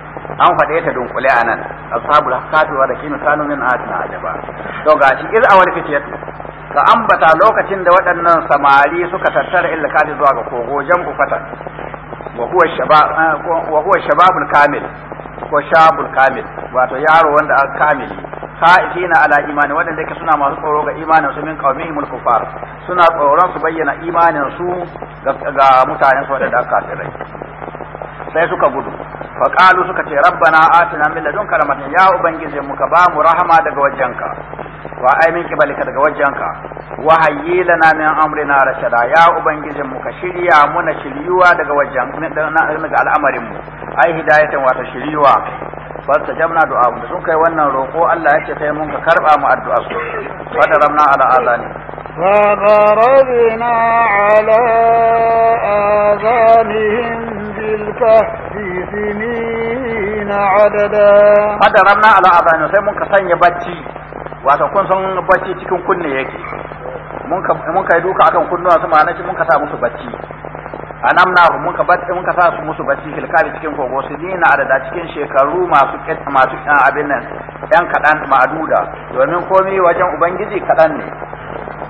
an faɗe ta dunkule a nan ashabul kafiwa da kinu kanu min atina ajaba to gashi iz awal fitiyatu ka ambata lokacin da waɗannan samari suka tattara ilkali zuwa ga kogo jan fatan eh, wa huwa shababul kamil ko shabul kamil wato yaro wanda al kamili khaifina ala imani waɗanda yake suna masu tsoro ga imanin su min mulku kufar suna tsoron su bayyana imanin su ga mutanen su waɗanda aka kafirai sai suka gudu qalu suka ce rabbana atina min ladunka rahmatan ya ubangije muka ba mu rahama daga wajenka wa ai min kibalika daga wajenka wa hayyi lana min amrina rashada ya ubangije muka shirya muna shiryuwa daga wajen daga al'amarin mu ai hidayatan wata shiryuwa fasta jamna du'a da sun kai wannan roƙo Allah ya ce sai mun ka karba mu addu'a su fada ramna ala azani فضربنا على آذانهم بالكهف adada عددا ramna ala azani sai mun ka sanya bacci wato kun san bacci cikin kunne yake mun ka mun kai duka akan kunnuwa su ma'ana mun ka sa musu bacci anamna muka bar ka sa su musu bacci filkali cikin kogo su dina adada cikin shekaru masu masu abin nan yan kadan ma'aduda domin komai wajen ubangiji kadan ne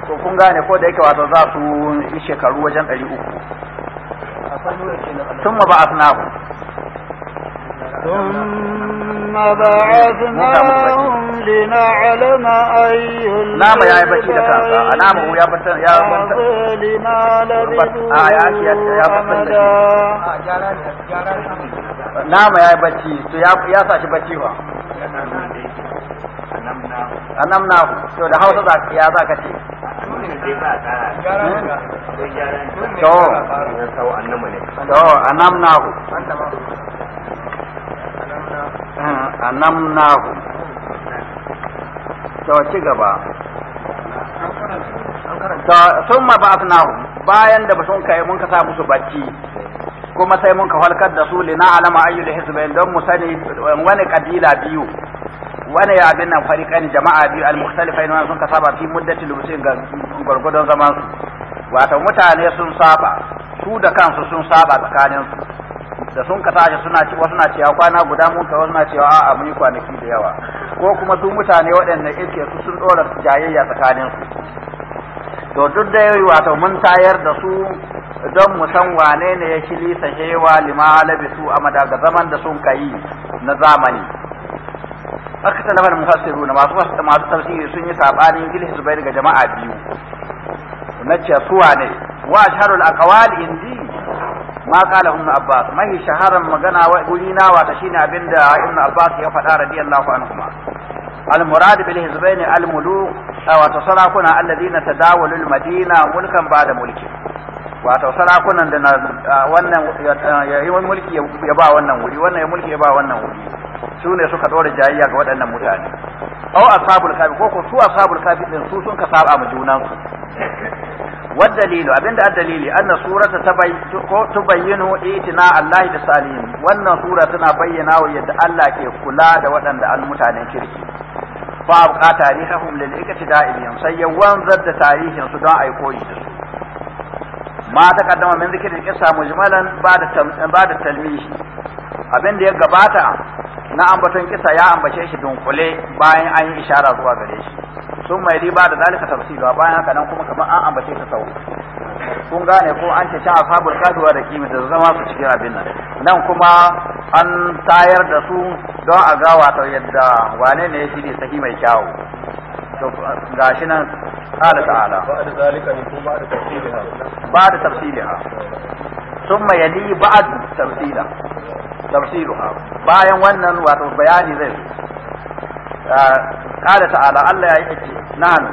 to kun gane ko da yake wato za su yi shekaru wajen 300 Tun ma ba asnahu ثم بعثناهم لنعلم أي نعم يا لك نعم هو يا بطن يا بطن anam na da hausa za ya za ka ce to anam na anamnahu to ci gaba sun ma bayan da sun kai mun ka sa musu bacci kuma sai mun ka halkar da su na alama ayyul hizbain don mu sani wani kabila biyu wani ya bin nan fariƙan jama'a biyu al-mukhtalifain wa sun ka saba fi muddati lubusin ga gurgudun zaman su wato mutane sun saba su da kansu sun saba tsakanin su da sun ka tashi suna wasu na cewa kwana guda mun ka wasu na cewa a'a mun yi kwanaki da yawa ko kuma su mutane waɗanda yake su sun dora jayayya tsakanin su to duk da yayi wato mun tayar da su don mu san wane ne ya lisa shewa lima bisu amada ga zaman da sun kai na zamani aka mufassiru na masu masu tafsiri sun yi sabanin gilis zubair ga jama'a biyu na ce suwa ne wa sharul aqwal indi ma qala ibn abbas mahi shaharan magana wa gurina wata shine abinda ibn abbas ya faɗa radiyallahu anhuma al murad bil hizbayn al muluk wato sarakuna alladhina tadawalu al madina mulkan ba'da mulki wato sarakunan da na wannan yayi mulki ya ba wannan wuri wannan ya mulki ya ba wannan wuri su ne suka dora jayayya ga waɗannan mutane aw ashabul kafi ko ko su ashabul kafi din su sun ka saba ma junansu والدليل أبين الدليل أن سورة تبين إيتنا الله بسالين وأن سورة بينا ويد الله كي كلا دوأن المتعنى كركي فأبقى تاريخهم للإكتداء بهم سيوان ضد تاريخ سداء يقوي ما تقدم من ذكر القصة مجملا بعد بعد التلميح abin da ya gabata na ambaton kisa ya ambace shi dunkule bayan an yi ishara zuwa gare shi sun mai riba da zalika tafsila bayan haka nan kuma kamar an ambace ta sau kun gane ko an ce a fabul kaduwa da kimi da zama su cikin abin nan nan kuma an tayar da su don a gawa ta yadda wane ne shi ne sahi mai kyawu to shi nan qala ta'ala ba da zalika ko ba da tafsiliha ba da tafsiliha summa yali ba'd tafsiruha bayan wannan wato bayani zai zo kada ah, ta'ala Allah ya yi ake nan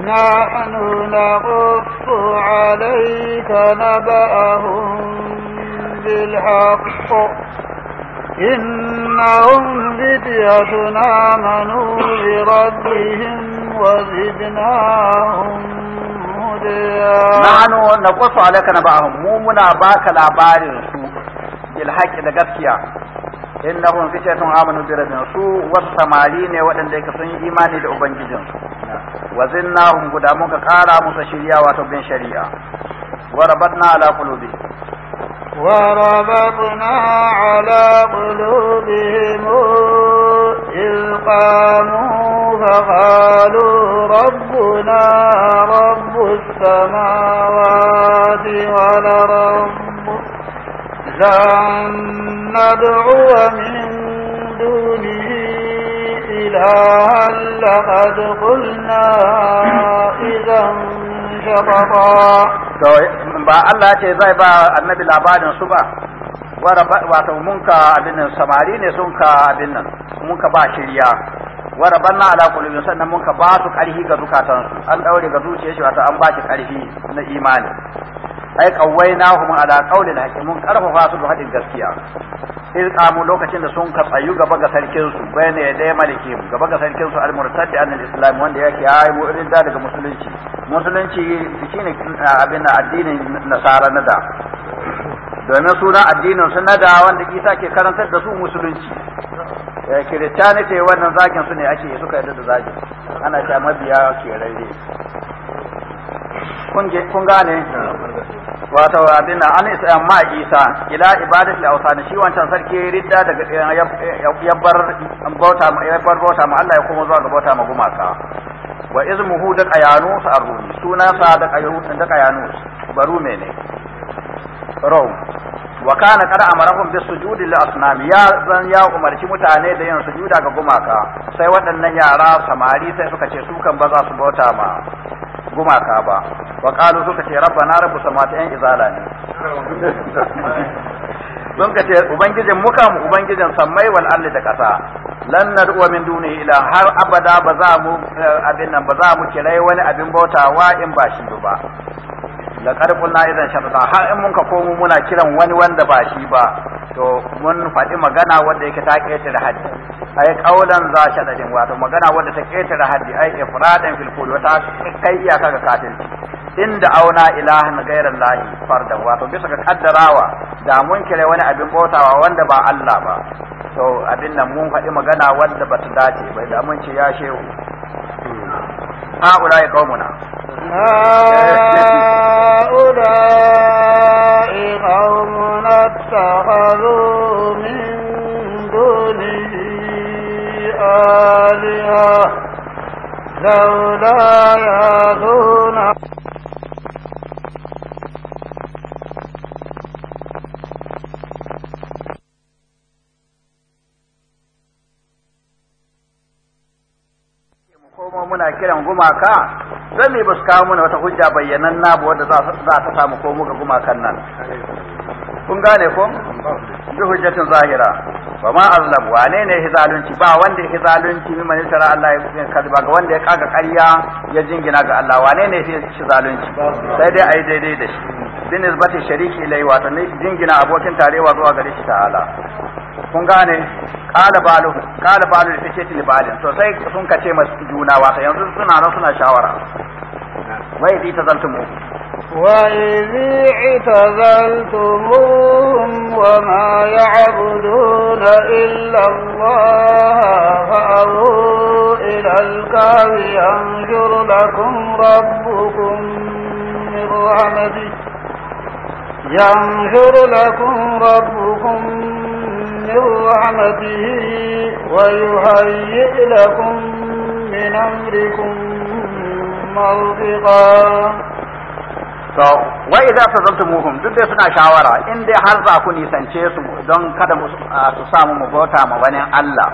Na nahnu naqfu alayka naba'ahum bil haqq innahum fityatun amanu bi rabbihim wa zidnahum hudaya nahnu naqfu alayka naba'ahum mu muna baka labarin bil da gaskiya innahum fitatun amanu bi rabbihim su wasamali ne waɗanda yake sun yi imani da ubangijin wa zinnahum guda muka kara musu shirya wato bin shari'a wa rabatna ala qulubi وربطنا على قلوبهم إذ قاموا فقالوا ربنا رب السماوات والأرض لن ندعو من دونه إلها لقد قلنا إذا شططا ba Allah ce zai ba annabi labarin su ba wato mun abin nan samari ne sun ka abin nan mun ba shirya warabanna ala qulubi sannan mun ka ba su karfi ga su an daure ga zuciyar shi wato an ba shi karfi na imani ai qawainahum ala qawli al-hakim mun karfafa su da hadin gaskiya sai kamu lokacin da sun ka tsayu gaba ga sarkin su bayana ya dai maliki gaba ga sarkin su al-murtadi an al-islam wanda yake ai mu irin daga musulunci musulunci shine abin addinin nasara na da domin sunan addinin su na da wanda isa ke karantar da su musulunci eh, ce wannan zagin su ne ake yi suka yarda da zagin ana ta mabiya ke rarre kun gane wato abin an isa ma isa ila ibadatul awsan shi wancan sarki ridda daga yabbar bauta yabbar bauta ma Allah ya kuma zuwa ga bauta ma gumaka wa izmuhu da a arrumi suna sa da kayanu da qayanus barume ne Rome, wa kana qad amarahum bis sujudi lil asnam ya zan ya umarci mutane da yin sujuda ga gumaka sai waɗannan yara samari sai suka ce su kan ba za su bauta ma gumaka ba wa qalu suka ce rabbana rabbu samati an izala ne don ka ce ubangijin muka mu ubangijin sammai wal ardi da kasa lan nad'u min duni ila har abada ba za mu eh, abin nan ba za mu kirai wani abin bautawa in ba shi ba da karfin na idan har in mun ka komo muna kiran wani wanda ba shi ba to mun faɗi magana wanda yake ta ƙetare haddi ai kaulan za shadadin wato magana wanda ta ƙetare haddi ai ifradan fil kul wata kai iyaka ga kafirci inda auna ilahan gairan lahi farda wato bisa ga kaddarawa da mun kire wani abin bautawa wanda ba Allah ba to abin nan mun faɗi magana wanda ba ta dace ba da mun ce ya shehu هؤلاء قومنا هؤلاء قومنا اتخذوا من دونه آلهة لولا يأتون kuma muna kiran gumaka don me ba su kawo mana wata hujja bayyanan na ba wadda za ta samu ko muka gumakan nan kun gane ko bi hujjatin zahira ba ma azlam wane ne hizalunci ba wanda hizalunci min man tara Allah ya kadba ga wanda ya kaga ƙarya ya jingina ga Allah wane ne hizalunci sai dai a ai daidai da shi bin nisbati shariki ilai wato ne jingina abokin tarewa zuwa gare shi ta'ala kun gane qala balu qala balu ce shaytin balin to sai sun kace masu juna wato yanzu suna nan suna shawara wai zaltu mu وإذ اعتزلتموهم وما يعبدون إلا الله فأووا إلى الكهف ينشر لكم ربكم من رحمته يغفر لكم ربكم من رحمته ويهيئ لكم من أمركم مرفقا to wai idza tazaltumuhum duk da suna shawara in dai har za ku nisance su don kada su samu mu bauta ma wani Allah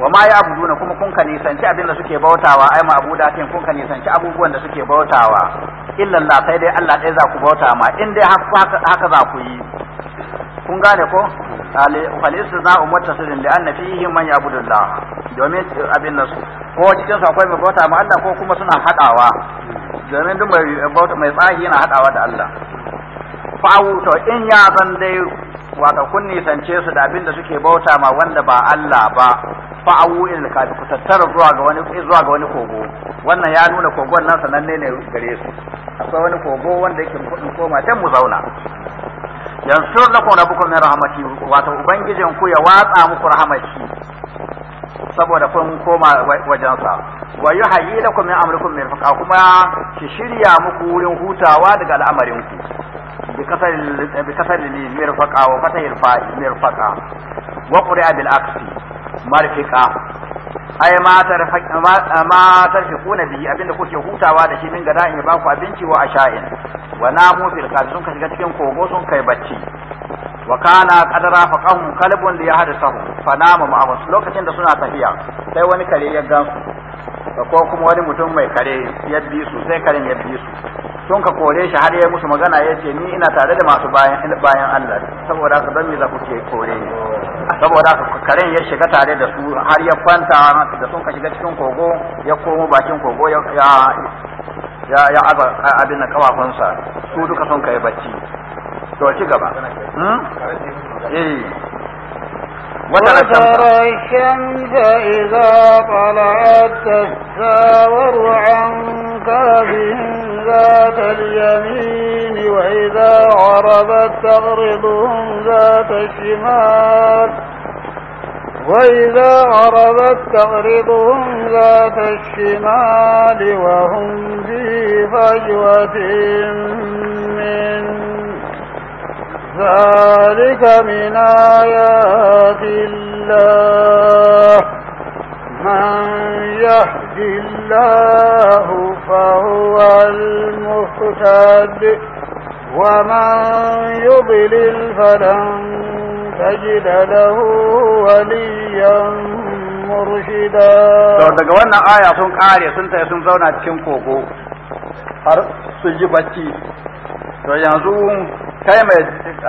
wa ma ya duna kuma kun ka nisanci abin da suke bautawa ai ma abuda tin kun ka nisanci abubuwan da suke bautawa illa Allah sai dai Allah ɗaya za ku bauta ma in dai haka za ku yi kun gane ko falistisna umutasirin da an na fihi man ya budullah domin eh, abin nasu ko cikin su akwai mai bauta ma Allah ko kuma suna hadawa domin duk mai bauta mai tsahi yana hadawa da Allah fa'auta in ya zan dai wato kun nisance su da abin da suke bauta ma wanda ba Allah ba fa'awu ilal kafi ku tattara zuwa ga wani zuwa ga wani kogo wannan ya nuna kogon nan sananne ne gare su akwai wani kogo wanda yake kudin koma dan mu zauna yansur lakum rabbukum min rahmati wato ubangijin ku ya watsa muku rahmati saboda kun koma wajensa wa yuhayyi lakum min amrikum mirfaqa kuma ki shirya muku wurin hutawa daga al'amarin ku بكسر بكسر المرفقة وفتح المرفقة وقرئ بالعكس مرفقة ai ma tarfiquna bihi abinda kuke hutawa da shi gada in ba ku abinci wa asha'in wa namu fil sun ka shiga cikin kogo sun kai bacci wa kana qadara faqahum ya hada yahdathahu fa nama ma'ahum lokacin da suna tafiya sai wani kare ya gansu ko kuma wani mutum mai kare ya bi su sai karen ya bi sun ka kore shi har ya musu magana ya ce ni ina tare da masu bayan bayan Allah saboda haka don me za ku ke kore ni saboda haka karen ya shiga tare da su har ya kwanta da sun ka shiga cikin kogo ya komo bakin kogo ya ya ya aba abin na kawafansa su duka sun kai bacci to ci gaba hmm? eh وترى الشمس إذا طلعت تساور عن كافهم ذات اليمين وإذا عربت تغرضهم ذات الشمال وإذا عربت تغرضهم ذات الشمال وهم في فجوة من ذلك من آيات الله من يهد الله فهو المهتد ومن يضلل فلن تجد له وليا murshida to daga wannan aya sun kare sun tafi sun zauna cikin kogo har su ji bacci to yanzu kai mai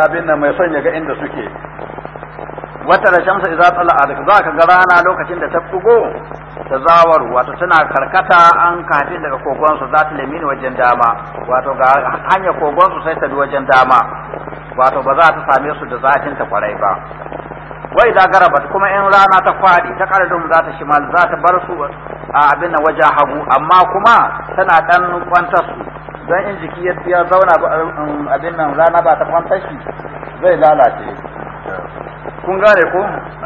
abin nan mai son ya ga inda suke wata da shamsa idza tala za ka ga rana lokacin da ta bugo ta zawar wato tana karkata an kafin daga kogon su za ta limini wajen dama wato ga hanyar kogon su sai ta bi wajen dama wato ba za ta same su da zafin ta kwarai ba wai da garabat kuma in rana ta kwadi ta karadun za ta shimal za ta bar su a abin wajen hagu amma kuma tana dan kwantar su don in jiki ya zauna um, abin nan rana ba ta kwantar shi zai lalace kun gane ko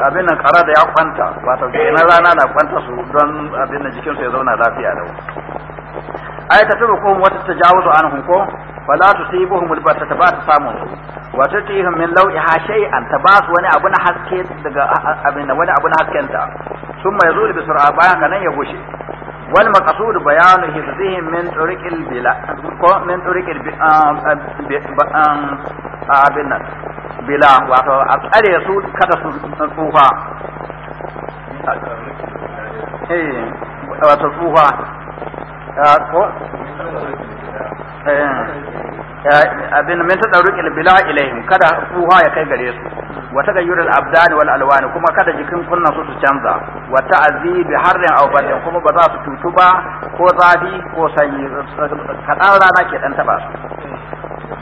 abin nan kara da ya kwanta ba ta na rana na kwanta su don abin nan jikinsu ya zauna lafiya da ai ta tabu ko wata tajawuzu anhum ko fala tusibuhum albatata ba ta samu wa tatihim min law'iha shay'an tabasu wani abu na haske daga abin wani abu na hasken ta summa yazulu bi sur'a bayan kanan ya gushe wal maqsud bayan hifzihim min turiqil bila ko min turiqil abin nan bila wato a tsare su kada su tsufa eh wato tsufa Eh, abin min ta dauri ilbila ilaihim kada tsuha ya kai gare su wa ta gayyura al-abdan wal alwan kuma kada jikin kunna su su canza wa ta'azi bi harrin aw badin kuma ba za su tutu ba ko zafi ko sanyi kadan rana ke dan taba su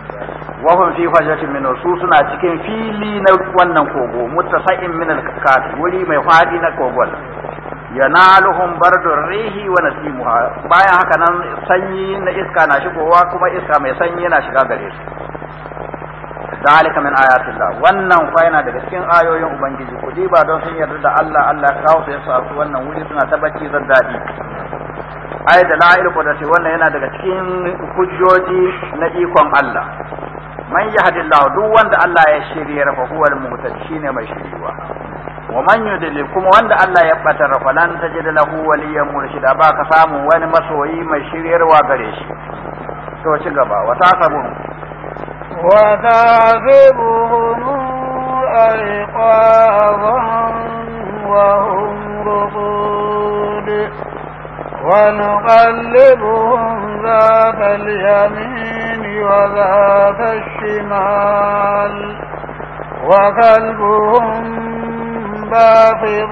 wa hum fi fajatin min su suna cikin fili na wannan kogo muttasa'in min al-kafi wuri mai fadi na kogon yanaluhum bardur rihi wa nasimuha bayan haka nan sanyi na iska na shigowa kuma iska mai sanyi na shiga gare su dalika min ayatillah wannan fa yana daga cikin ayoyin ubangiji ku ba don sun yarda da Allah Allah ya kawo su su wannan wuri suna ta bacci zan dadi ai da la'il qudati wannan yana daga cikin kujjoji na ikon Allah man yahdillahu duk wanda Allah ya shirye rafa huwal muhtadi mai shiriwa wa man yudlil kuma wanda Allah ya batar falan da lahu waliyan murshida ba ka samu wani masoyi mai shiryarwa gare shi to ci gaba wa tasabun wa tasabun alqawan wa hum ruqud wa nuqallibuhum ذات اليمين وذات الشمال وقلبهم باخض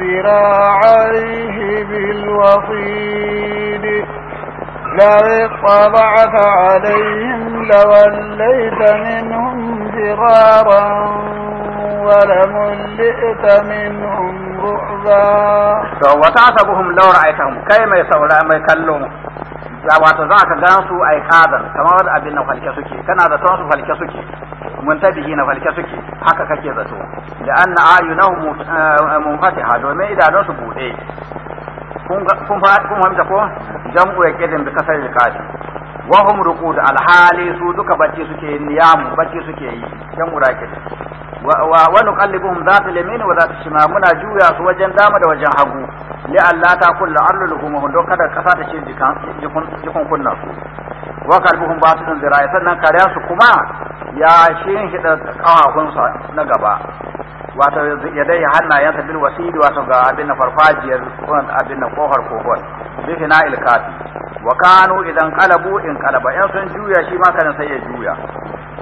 ذراعيه بالوصيد لو اطلعت عليهم لوليت منهم فرارا ولملئت منهم رعبا وتعصبهم لو رأيتهم كيما يسولى ما يكلموا ya wato za ka gan su ai kadar kamar abin na falke suke kana da su falke suke muntabihi na falke suke haka kake zato da anna ayunahu eh, munfatiha domin idanun su bude kun kun fahimta ko jam'u ya kedin bi kasar kafi wa hum ruqud alhali su duka bacci suke niyamu bacci suke yi jam'u kedin wa nuqallibuhum zata al-yamin wa al shimal muna juya su wajen dama da wajen hagu li Allah ta kullu arlu lahum do kada kasa ta ce jikan jikun kunna su wa qalbuhum batidun zira'i sannan kariya su kuma ya shin hida kawakun sa na gaba wato ya dai hannayensa bil wasidi wato ga abin farfajiyar farfajiyar abin na kohar kofar. bi fina ilkafi wa kanu idan qalabu in qalaba in sun juya shi ma kan sai ya juya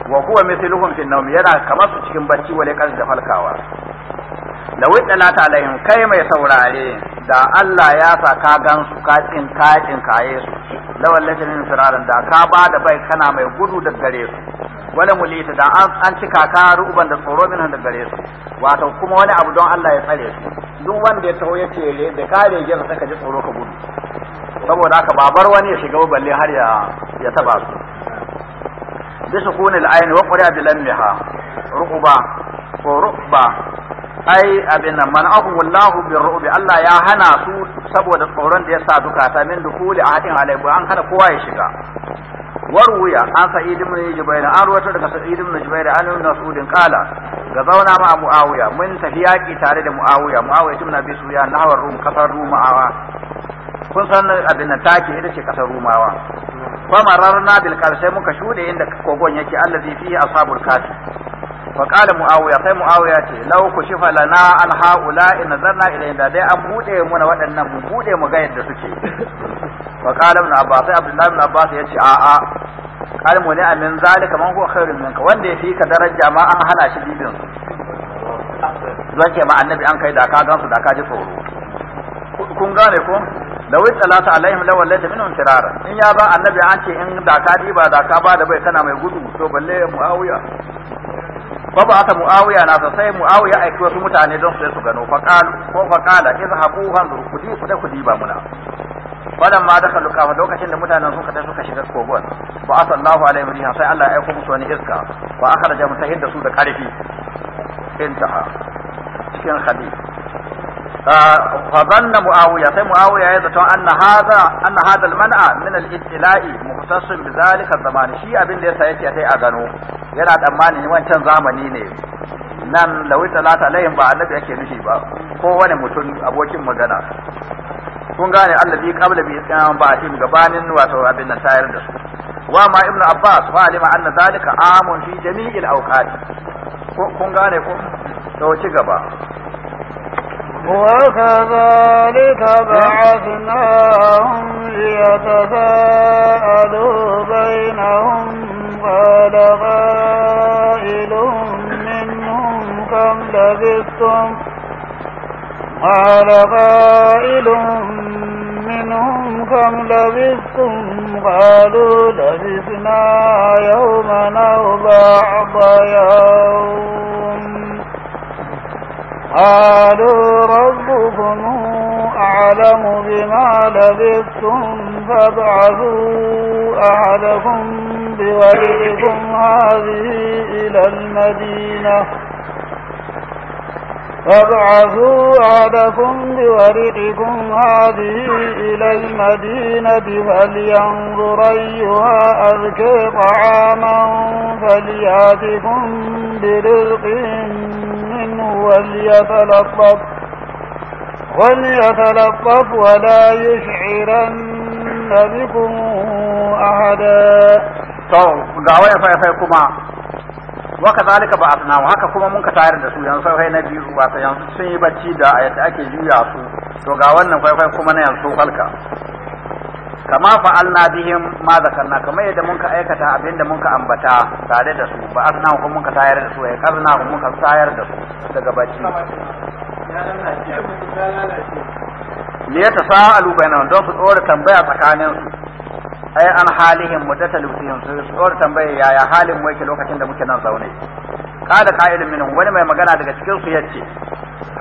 wa huwa mithluhum fi nawm yana kamar su cikin bacci wale kan da falkawa la wadda alaihim kai mai saurare da Allah ya sa ka gansu ka tsin ka tsin kaye su lawan lafinin siraran da ka ba da bai kana mai gudu da gare su wala mulita da an cika ka ruban da tsoro min da gare su wato kuma wani abu don Allah ya tsare su duk wanda ya tawo ya tele da kare sa saka ji tsoro ka gudu saboda haka babar wani ya shiga balle har ya ya taba su بسكون العين وقرئ بلمها رقبة ورقبة ai abin nan man ahu wallahu bi ru'bi Allah ya hana su saboda tsoron da ya sa dukata min a ahadin alaihi an hana kowa ya shiga warwuya an sa'id ibn jubair an ruwata daga sa'id ibn jubair an ibn mas'ud qala ga zauna ma muawiya mun tafi yaƙi tare da muawiya muawiya ibn abi sufyan nahawar kasar rumawa kun san abin da take ita ce kasar rumawa fa mararna bil sai muka shude inda kogon yake allazi fi ashabul kafi fa qala muawiya sai muawiya ce law kushifa lana al haula in nazarna ila inda dai an bude mu na waɗannan mu bude mu ga yadda suke fa qala ibn abbas sai abdullahi ibn abbas ya ce a a qala mu ne amin zalika man huwa khairun minka wanda ya fi ka daraja ma an hana shi bibin zuwa ke ma annabi an kai da ka gansu da ka ji tsoro kun gane ko wai talata alaihim law wallaita minhum firara in ya ba annabi an ce in da ka diba da ka ba da bai kana mai gudu to balle muawiya fa ba ta muawiya na sa sai muawiya aiki wasu mutane don sai su gano fa qalu ko fa qala izhabu hanzur kudi da kudi ba muna falan ma da kaluka lokacin da mutanen suka tafi suka shiga kogon fa asallahu alaihi wa sai Allah ya aika musu wani iska fa akhraja mutahid da su da karfi intaha cikin hadisi فظن معاوية سي معاوية يزتون أن هذا أن هذا المنع من الابتلاء مختص بذلك الزمان شيء أبن ليس يتي أتي a gano. Yana وان كان zamani ne nan lawai talata layin ba annabi yake nufi ba ko wani mutum abokin magana kun gane allazi qabla bi islam ba shi gabanin wato abin da tayar da su wa ma ibn abbas fa alima anna zalika amun fi jami'il awqat kun gane ko to ci gaba وكذلك بعثناهم ليتساءلوا بينهم قال قائل منهم كم لبثتم قال قائل منهم كم لبثتم قالوا لبثنا يوما أو بعض يوم قالوا ربكم أعلم بما لبثتم فابعثوا أحدكم بورقكم هذه إلى المدينة فابعثوا أحدكم بورقكم هذه إلى المدينة فلينظر أيها أذكى طعاما فليأتكم برزق منه وليتلطف وليتلطف ولا يشعرن بكم أحدا. طيب، دعوة فيكما wa kazalika ba asna haka kuma mun ka tayar da su yanzu sai na biyu ba sai yanzu sun yi bacci da yadda ake juya su to ga wannan kwaikwai kuma na yanzu falka kama fa'alna bihim ma zakarna kama yadda mun ka aikata abin da mun ka ambata tare da su ba asna kuma mun ka tayar da su ya karna kuma mun ka tayar da su daga bacci ne ya ta sa'alu bainahum don su tsora tambaya tsakaninsu ai an halihim muddata lufihim su tsor tambaye yaya halin mu yake lokacin da muke nan zaune kada qa'ilun minhum wani mai magana daga cikin su yace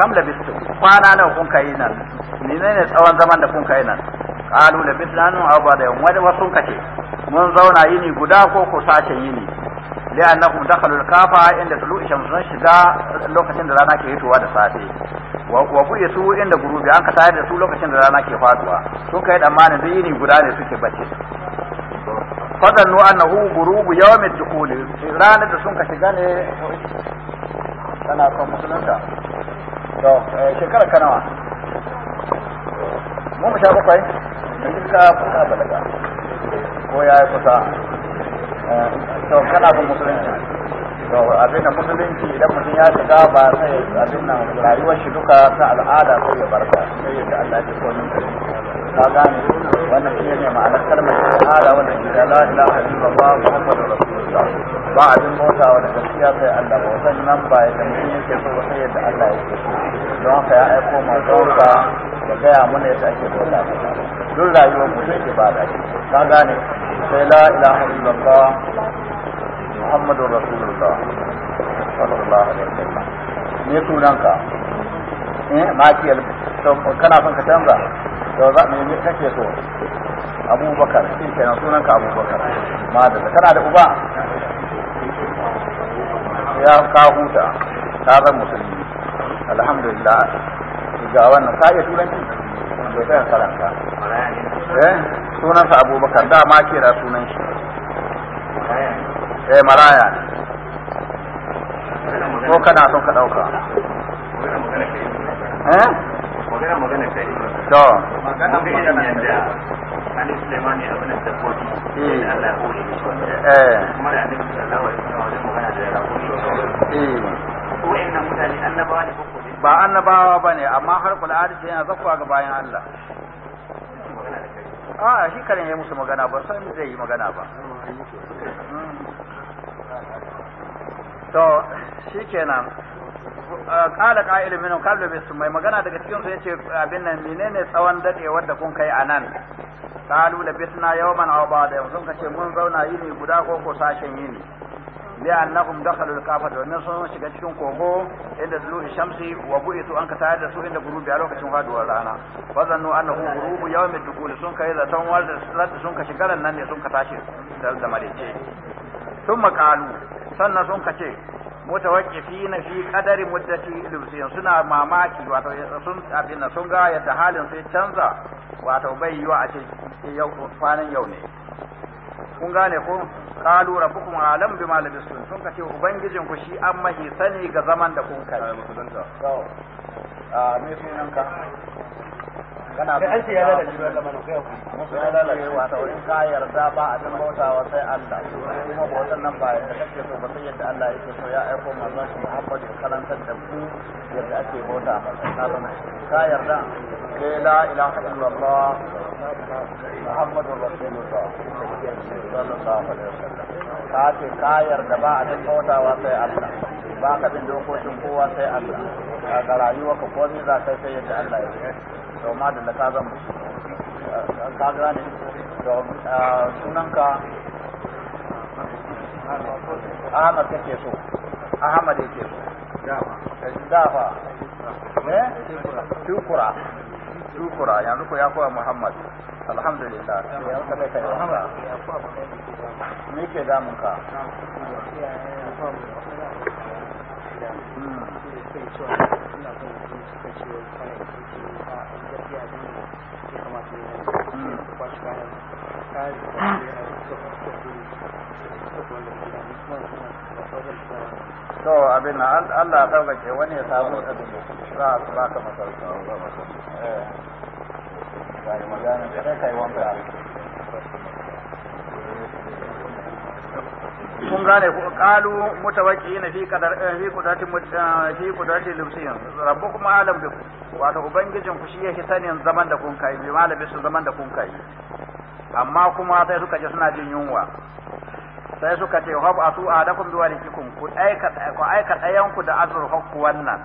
kam bistu kwana nawa kun kai nan ne tsawon zaman da kun kai nan qalu da nu aw ba'da yawm wani wasun kace mun zauna yini guda ko ko sashen yini li'annahum dakhalu al-kafa inda tulu'i shams sun shiga lokacin tayar da su lokacin da rana ke faduwa sun kai tsammanin duk guda ne suke bace fadannu annahu gurubu yawmi dukhul ranar da sun ka shiga ne kana kan musulunta to kanawa mu mu ko ya kusa to kana bin musulunci to abin da musulunci idan mutum ya shiga ba sai abin nan rayuwar shi duka ta al'ada sai ya barka sai ya ta Allah ya ko min ka gane wannan shi ne ma'anar kalmar shahada wanda ke da la ilaha illallah muhammadur rasulullah ba abin mota wani gaskiya sai Allah ba wasan nan ba ya san in yake so wasan yadda Allah ya so don haka ya aiko manzon ka da gaya mana yadda ake bauta duk rayuwar mu sai da ce ka gane sai la ilaha illallah muhammadur rasulullah sallallahu alaihi wasallam ne sunanka eh ma maki kana son ka canza to za mu yi kake so abubakar shi kenan sunanka abubakar ma da kana da uba ya ka huta ta zan musulmi alhamdulillah ga wannan ka iya turanci bai sai karanta eh sunansa abubakar ma kira sunan shi eh maraya ne ko kana son ka dauka eh magana magana kai to magana magana ba eh. eh. Sulaiman ya abin da ya eh. annabawa ne ba annabawa amma har kula adalci yana zakwa ga bayan Allah a shi karin ya musu magana ba san zai yi magana ba hmm. to kenan qala qa'ilun minhum kallu bisum mai magana daga cikin su yace abin nan menene tsawon dadewar da kun kai anan kalu da bisna yawman aw ba'da yawm sun kace mun zauna yini guda ko ko sashen yini li li'annahum dakhalu al-kafa wa min sun shiga cikin kogo inda zulu shamsi wa bu'itu an katayar da su inda gurubi a lokacin faduwar rana fa zannu annahu gurubu yawmi dukul sun kai da tan zaton wanda sun ka garan nan ne sun ka tashi da malece sun makalu sannan sun kace mutawakkifina fi qadari muddati lubsin suna mamaki wato sun abin sun ga yadda halin sai canza wato bai yiwa a ce yau kwanan yau ne kun gane ko qalu rabbukum alam bima labistun sun ce ubangijin ku shi an mahi sani ga zaman da kun kai me sunan ka kana da an ce ya lalace ba zama kai ya lalace wato in ka yarda ba a cikin bautawa sai Allah kuma bautan nan ba yadda kake so ba sai yadda Allah yake so ya aiko shi Muhammad ya da ku yadda ake bauta ba ka yarda la ilaha illallah Muhammadur Rasulullah sallallahu alaihi wasallam ka ce ka yarda ba a cikin bautawa sai Allah ba ka bin dokokin kowa sai Allah a ga rayuwa ka komai za ka sai yadda Allah ya yi to ma da ka zan ka gane to sunan ka Ahmad kake so Ahmad yake so dafa ne eh? shukura shukura yanzu ko ya koya Muhammad alhamdulillah ya ka kai kai ne ke damun ka da da suke cewa suna son mutum suka ce wani suke a gaskiya ya kamata ya yi kayan da ya yi to abin na Allah ya wani ya samu ta dubu za a ba ka masarauta yi eh. magana da kai kun gane ku qalu mutawaqqi'ina fi qadar eh, fi qudratin eh, fi qudratin libsiyan rabbukum alam bi wato ubangijin ku shi yake sanin zaman da kun kai bi malabi su zaman da kun kai amma kuma sai suka ji suna jin yunwa sai suka ce hab atu adakum bi walikum ku aika ku aika yanku da hakku wannan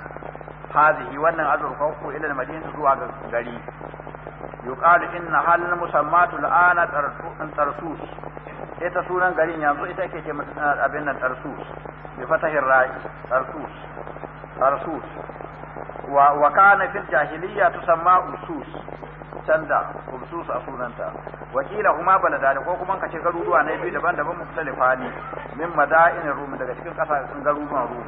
hazihi wannan hakku ila madinatu zuwa ga gari yuqalu inna hal musammatul ana tarsus ita sunan garin yanzu ita ake ce abin nan tarsus bi fatahir ra'i tarsus tarsus wa wa kana fil jahiliyya tusamma usus canza kursus a sunanta wakila huma baladani ko kuma ce garuruwa na biyu daban-daban mukhtalifa ne min madain rum daga cikin sun garuruwan rum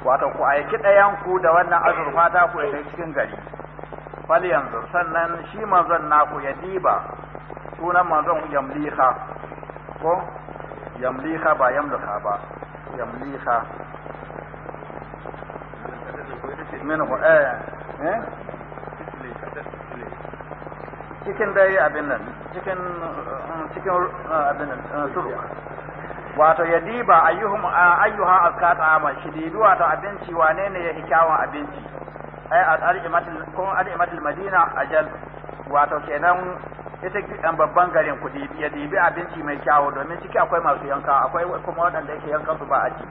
wato ku aiki ɗayan ku da wannan azurfa ta ku cikin gari bal yanzu sannan shi manzon naku ya diba sunan manzon yamliha ko yamliha ba yamliha ba yamliha minhu eh eh cikin dai abin nan cikin eh, cikin eh, abin nan eh, suru wato ya diba ayyuhum ayyuha azka ma shididuwa dibi abinci wane ne ya hikawa abinci ai al'imatul kun al'imatul madina ajal wato kenan ita kidan babban garin kudi ya dibi abinci mai kyawo domin ciki akwai masu yanka akwai kuma waɗanda yake yankan su ba a ci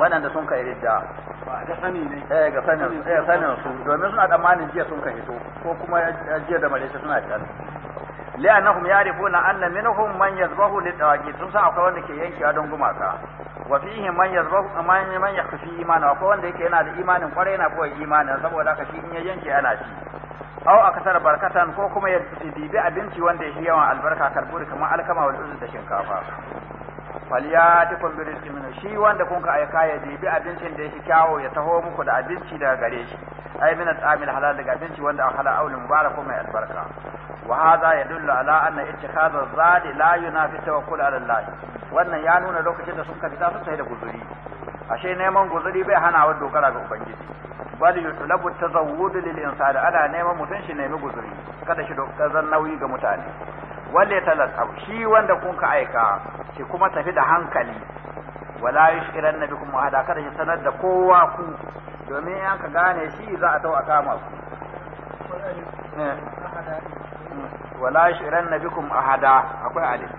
waɗanda sun kai ridda ga sani ne eh ga sani eh sani su domin suna tsammanin jiya sun kai hito ko kuma jiya da malaysia suna can li'annahum ya'rifuna anna minhum man yazbahu dawaki sun sa akwai wanda ke yankewa don gumaka wa fihi man yazbahu man man akwai wanda yake yana da imanin kwarai yana kowa imanin saboda haka shi in ya yanke ana ci aw akasar barkatan ko kuma ya bibi abinci wanda yake yawan albarka karburi kamar alkama wal da shinkafa falyatikum bi rizqin min shi wanda kun ka aika ya dibi abincin da yake kyawo ya taho muku da abinci daga gare shi ai min al-amil halal daga abinci wanda an halal aulin mubarak mai albarka wa hadha yadullu ala anna ittikhadha zadi la yunafi tawakkul ala Allah wannan ya nuna lokacin da suka fita sun sai da guzuri ashe neman guzuri bai hana wa dogara ga ubangiji bal yutlabu tazawwud lil insani ana neman mutunci shi nemi guzuri kada shi dokar nauyi ga mutane wanda ya talaka shi wanda kun ka aika shi kuma tafi da hankali wala yushiran na bikin hada kada shi sanar da kowa ku domin in ka gane shi za a tawa a kama ku eh. hmm. wala yushiran na bikin ahada akwai alif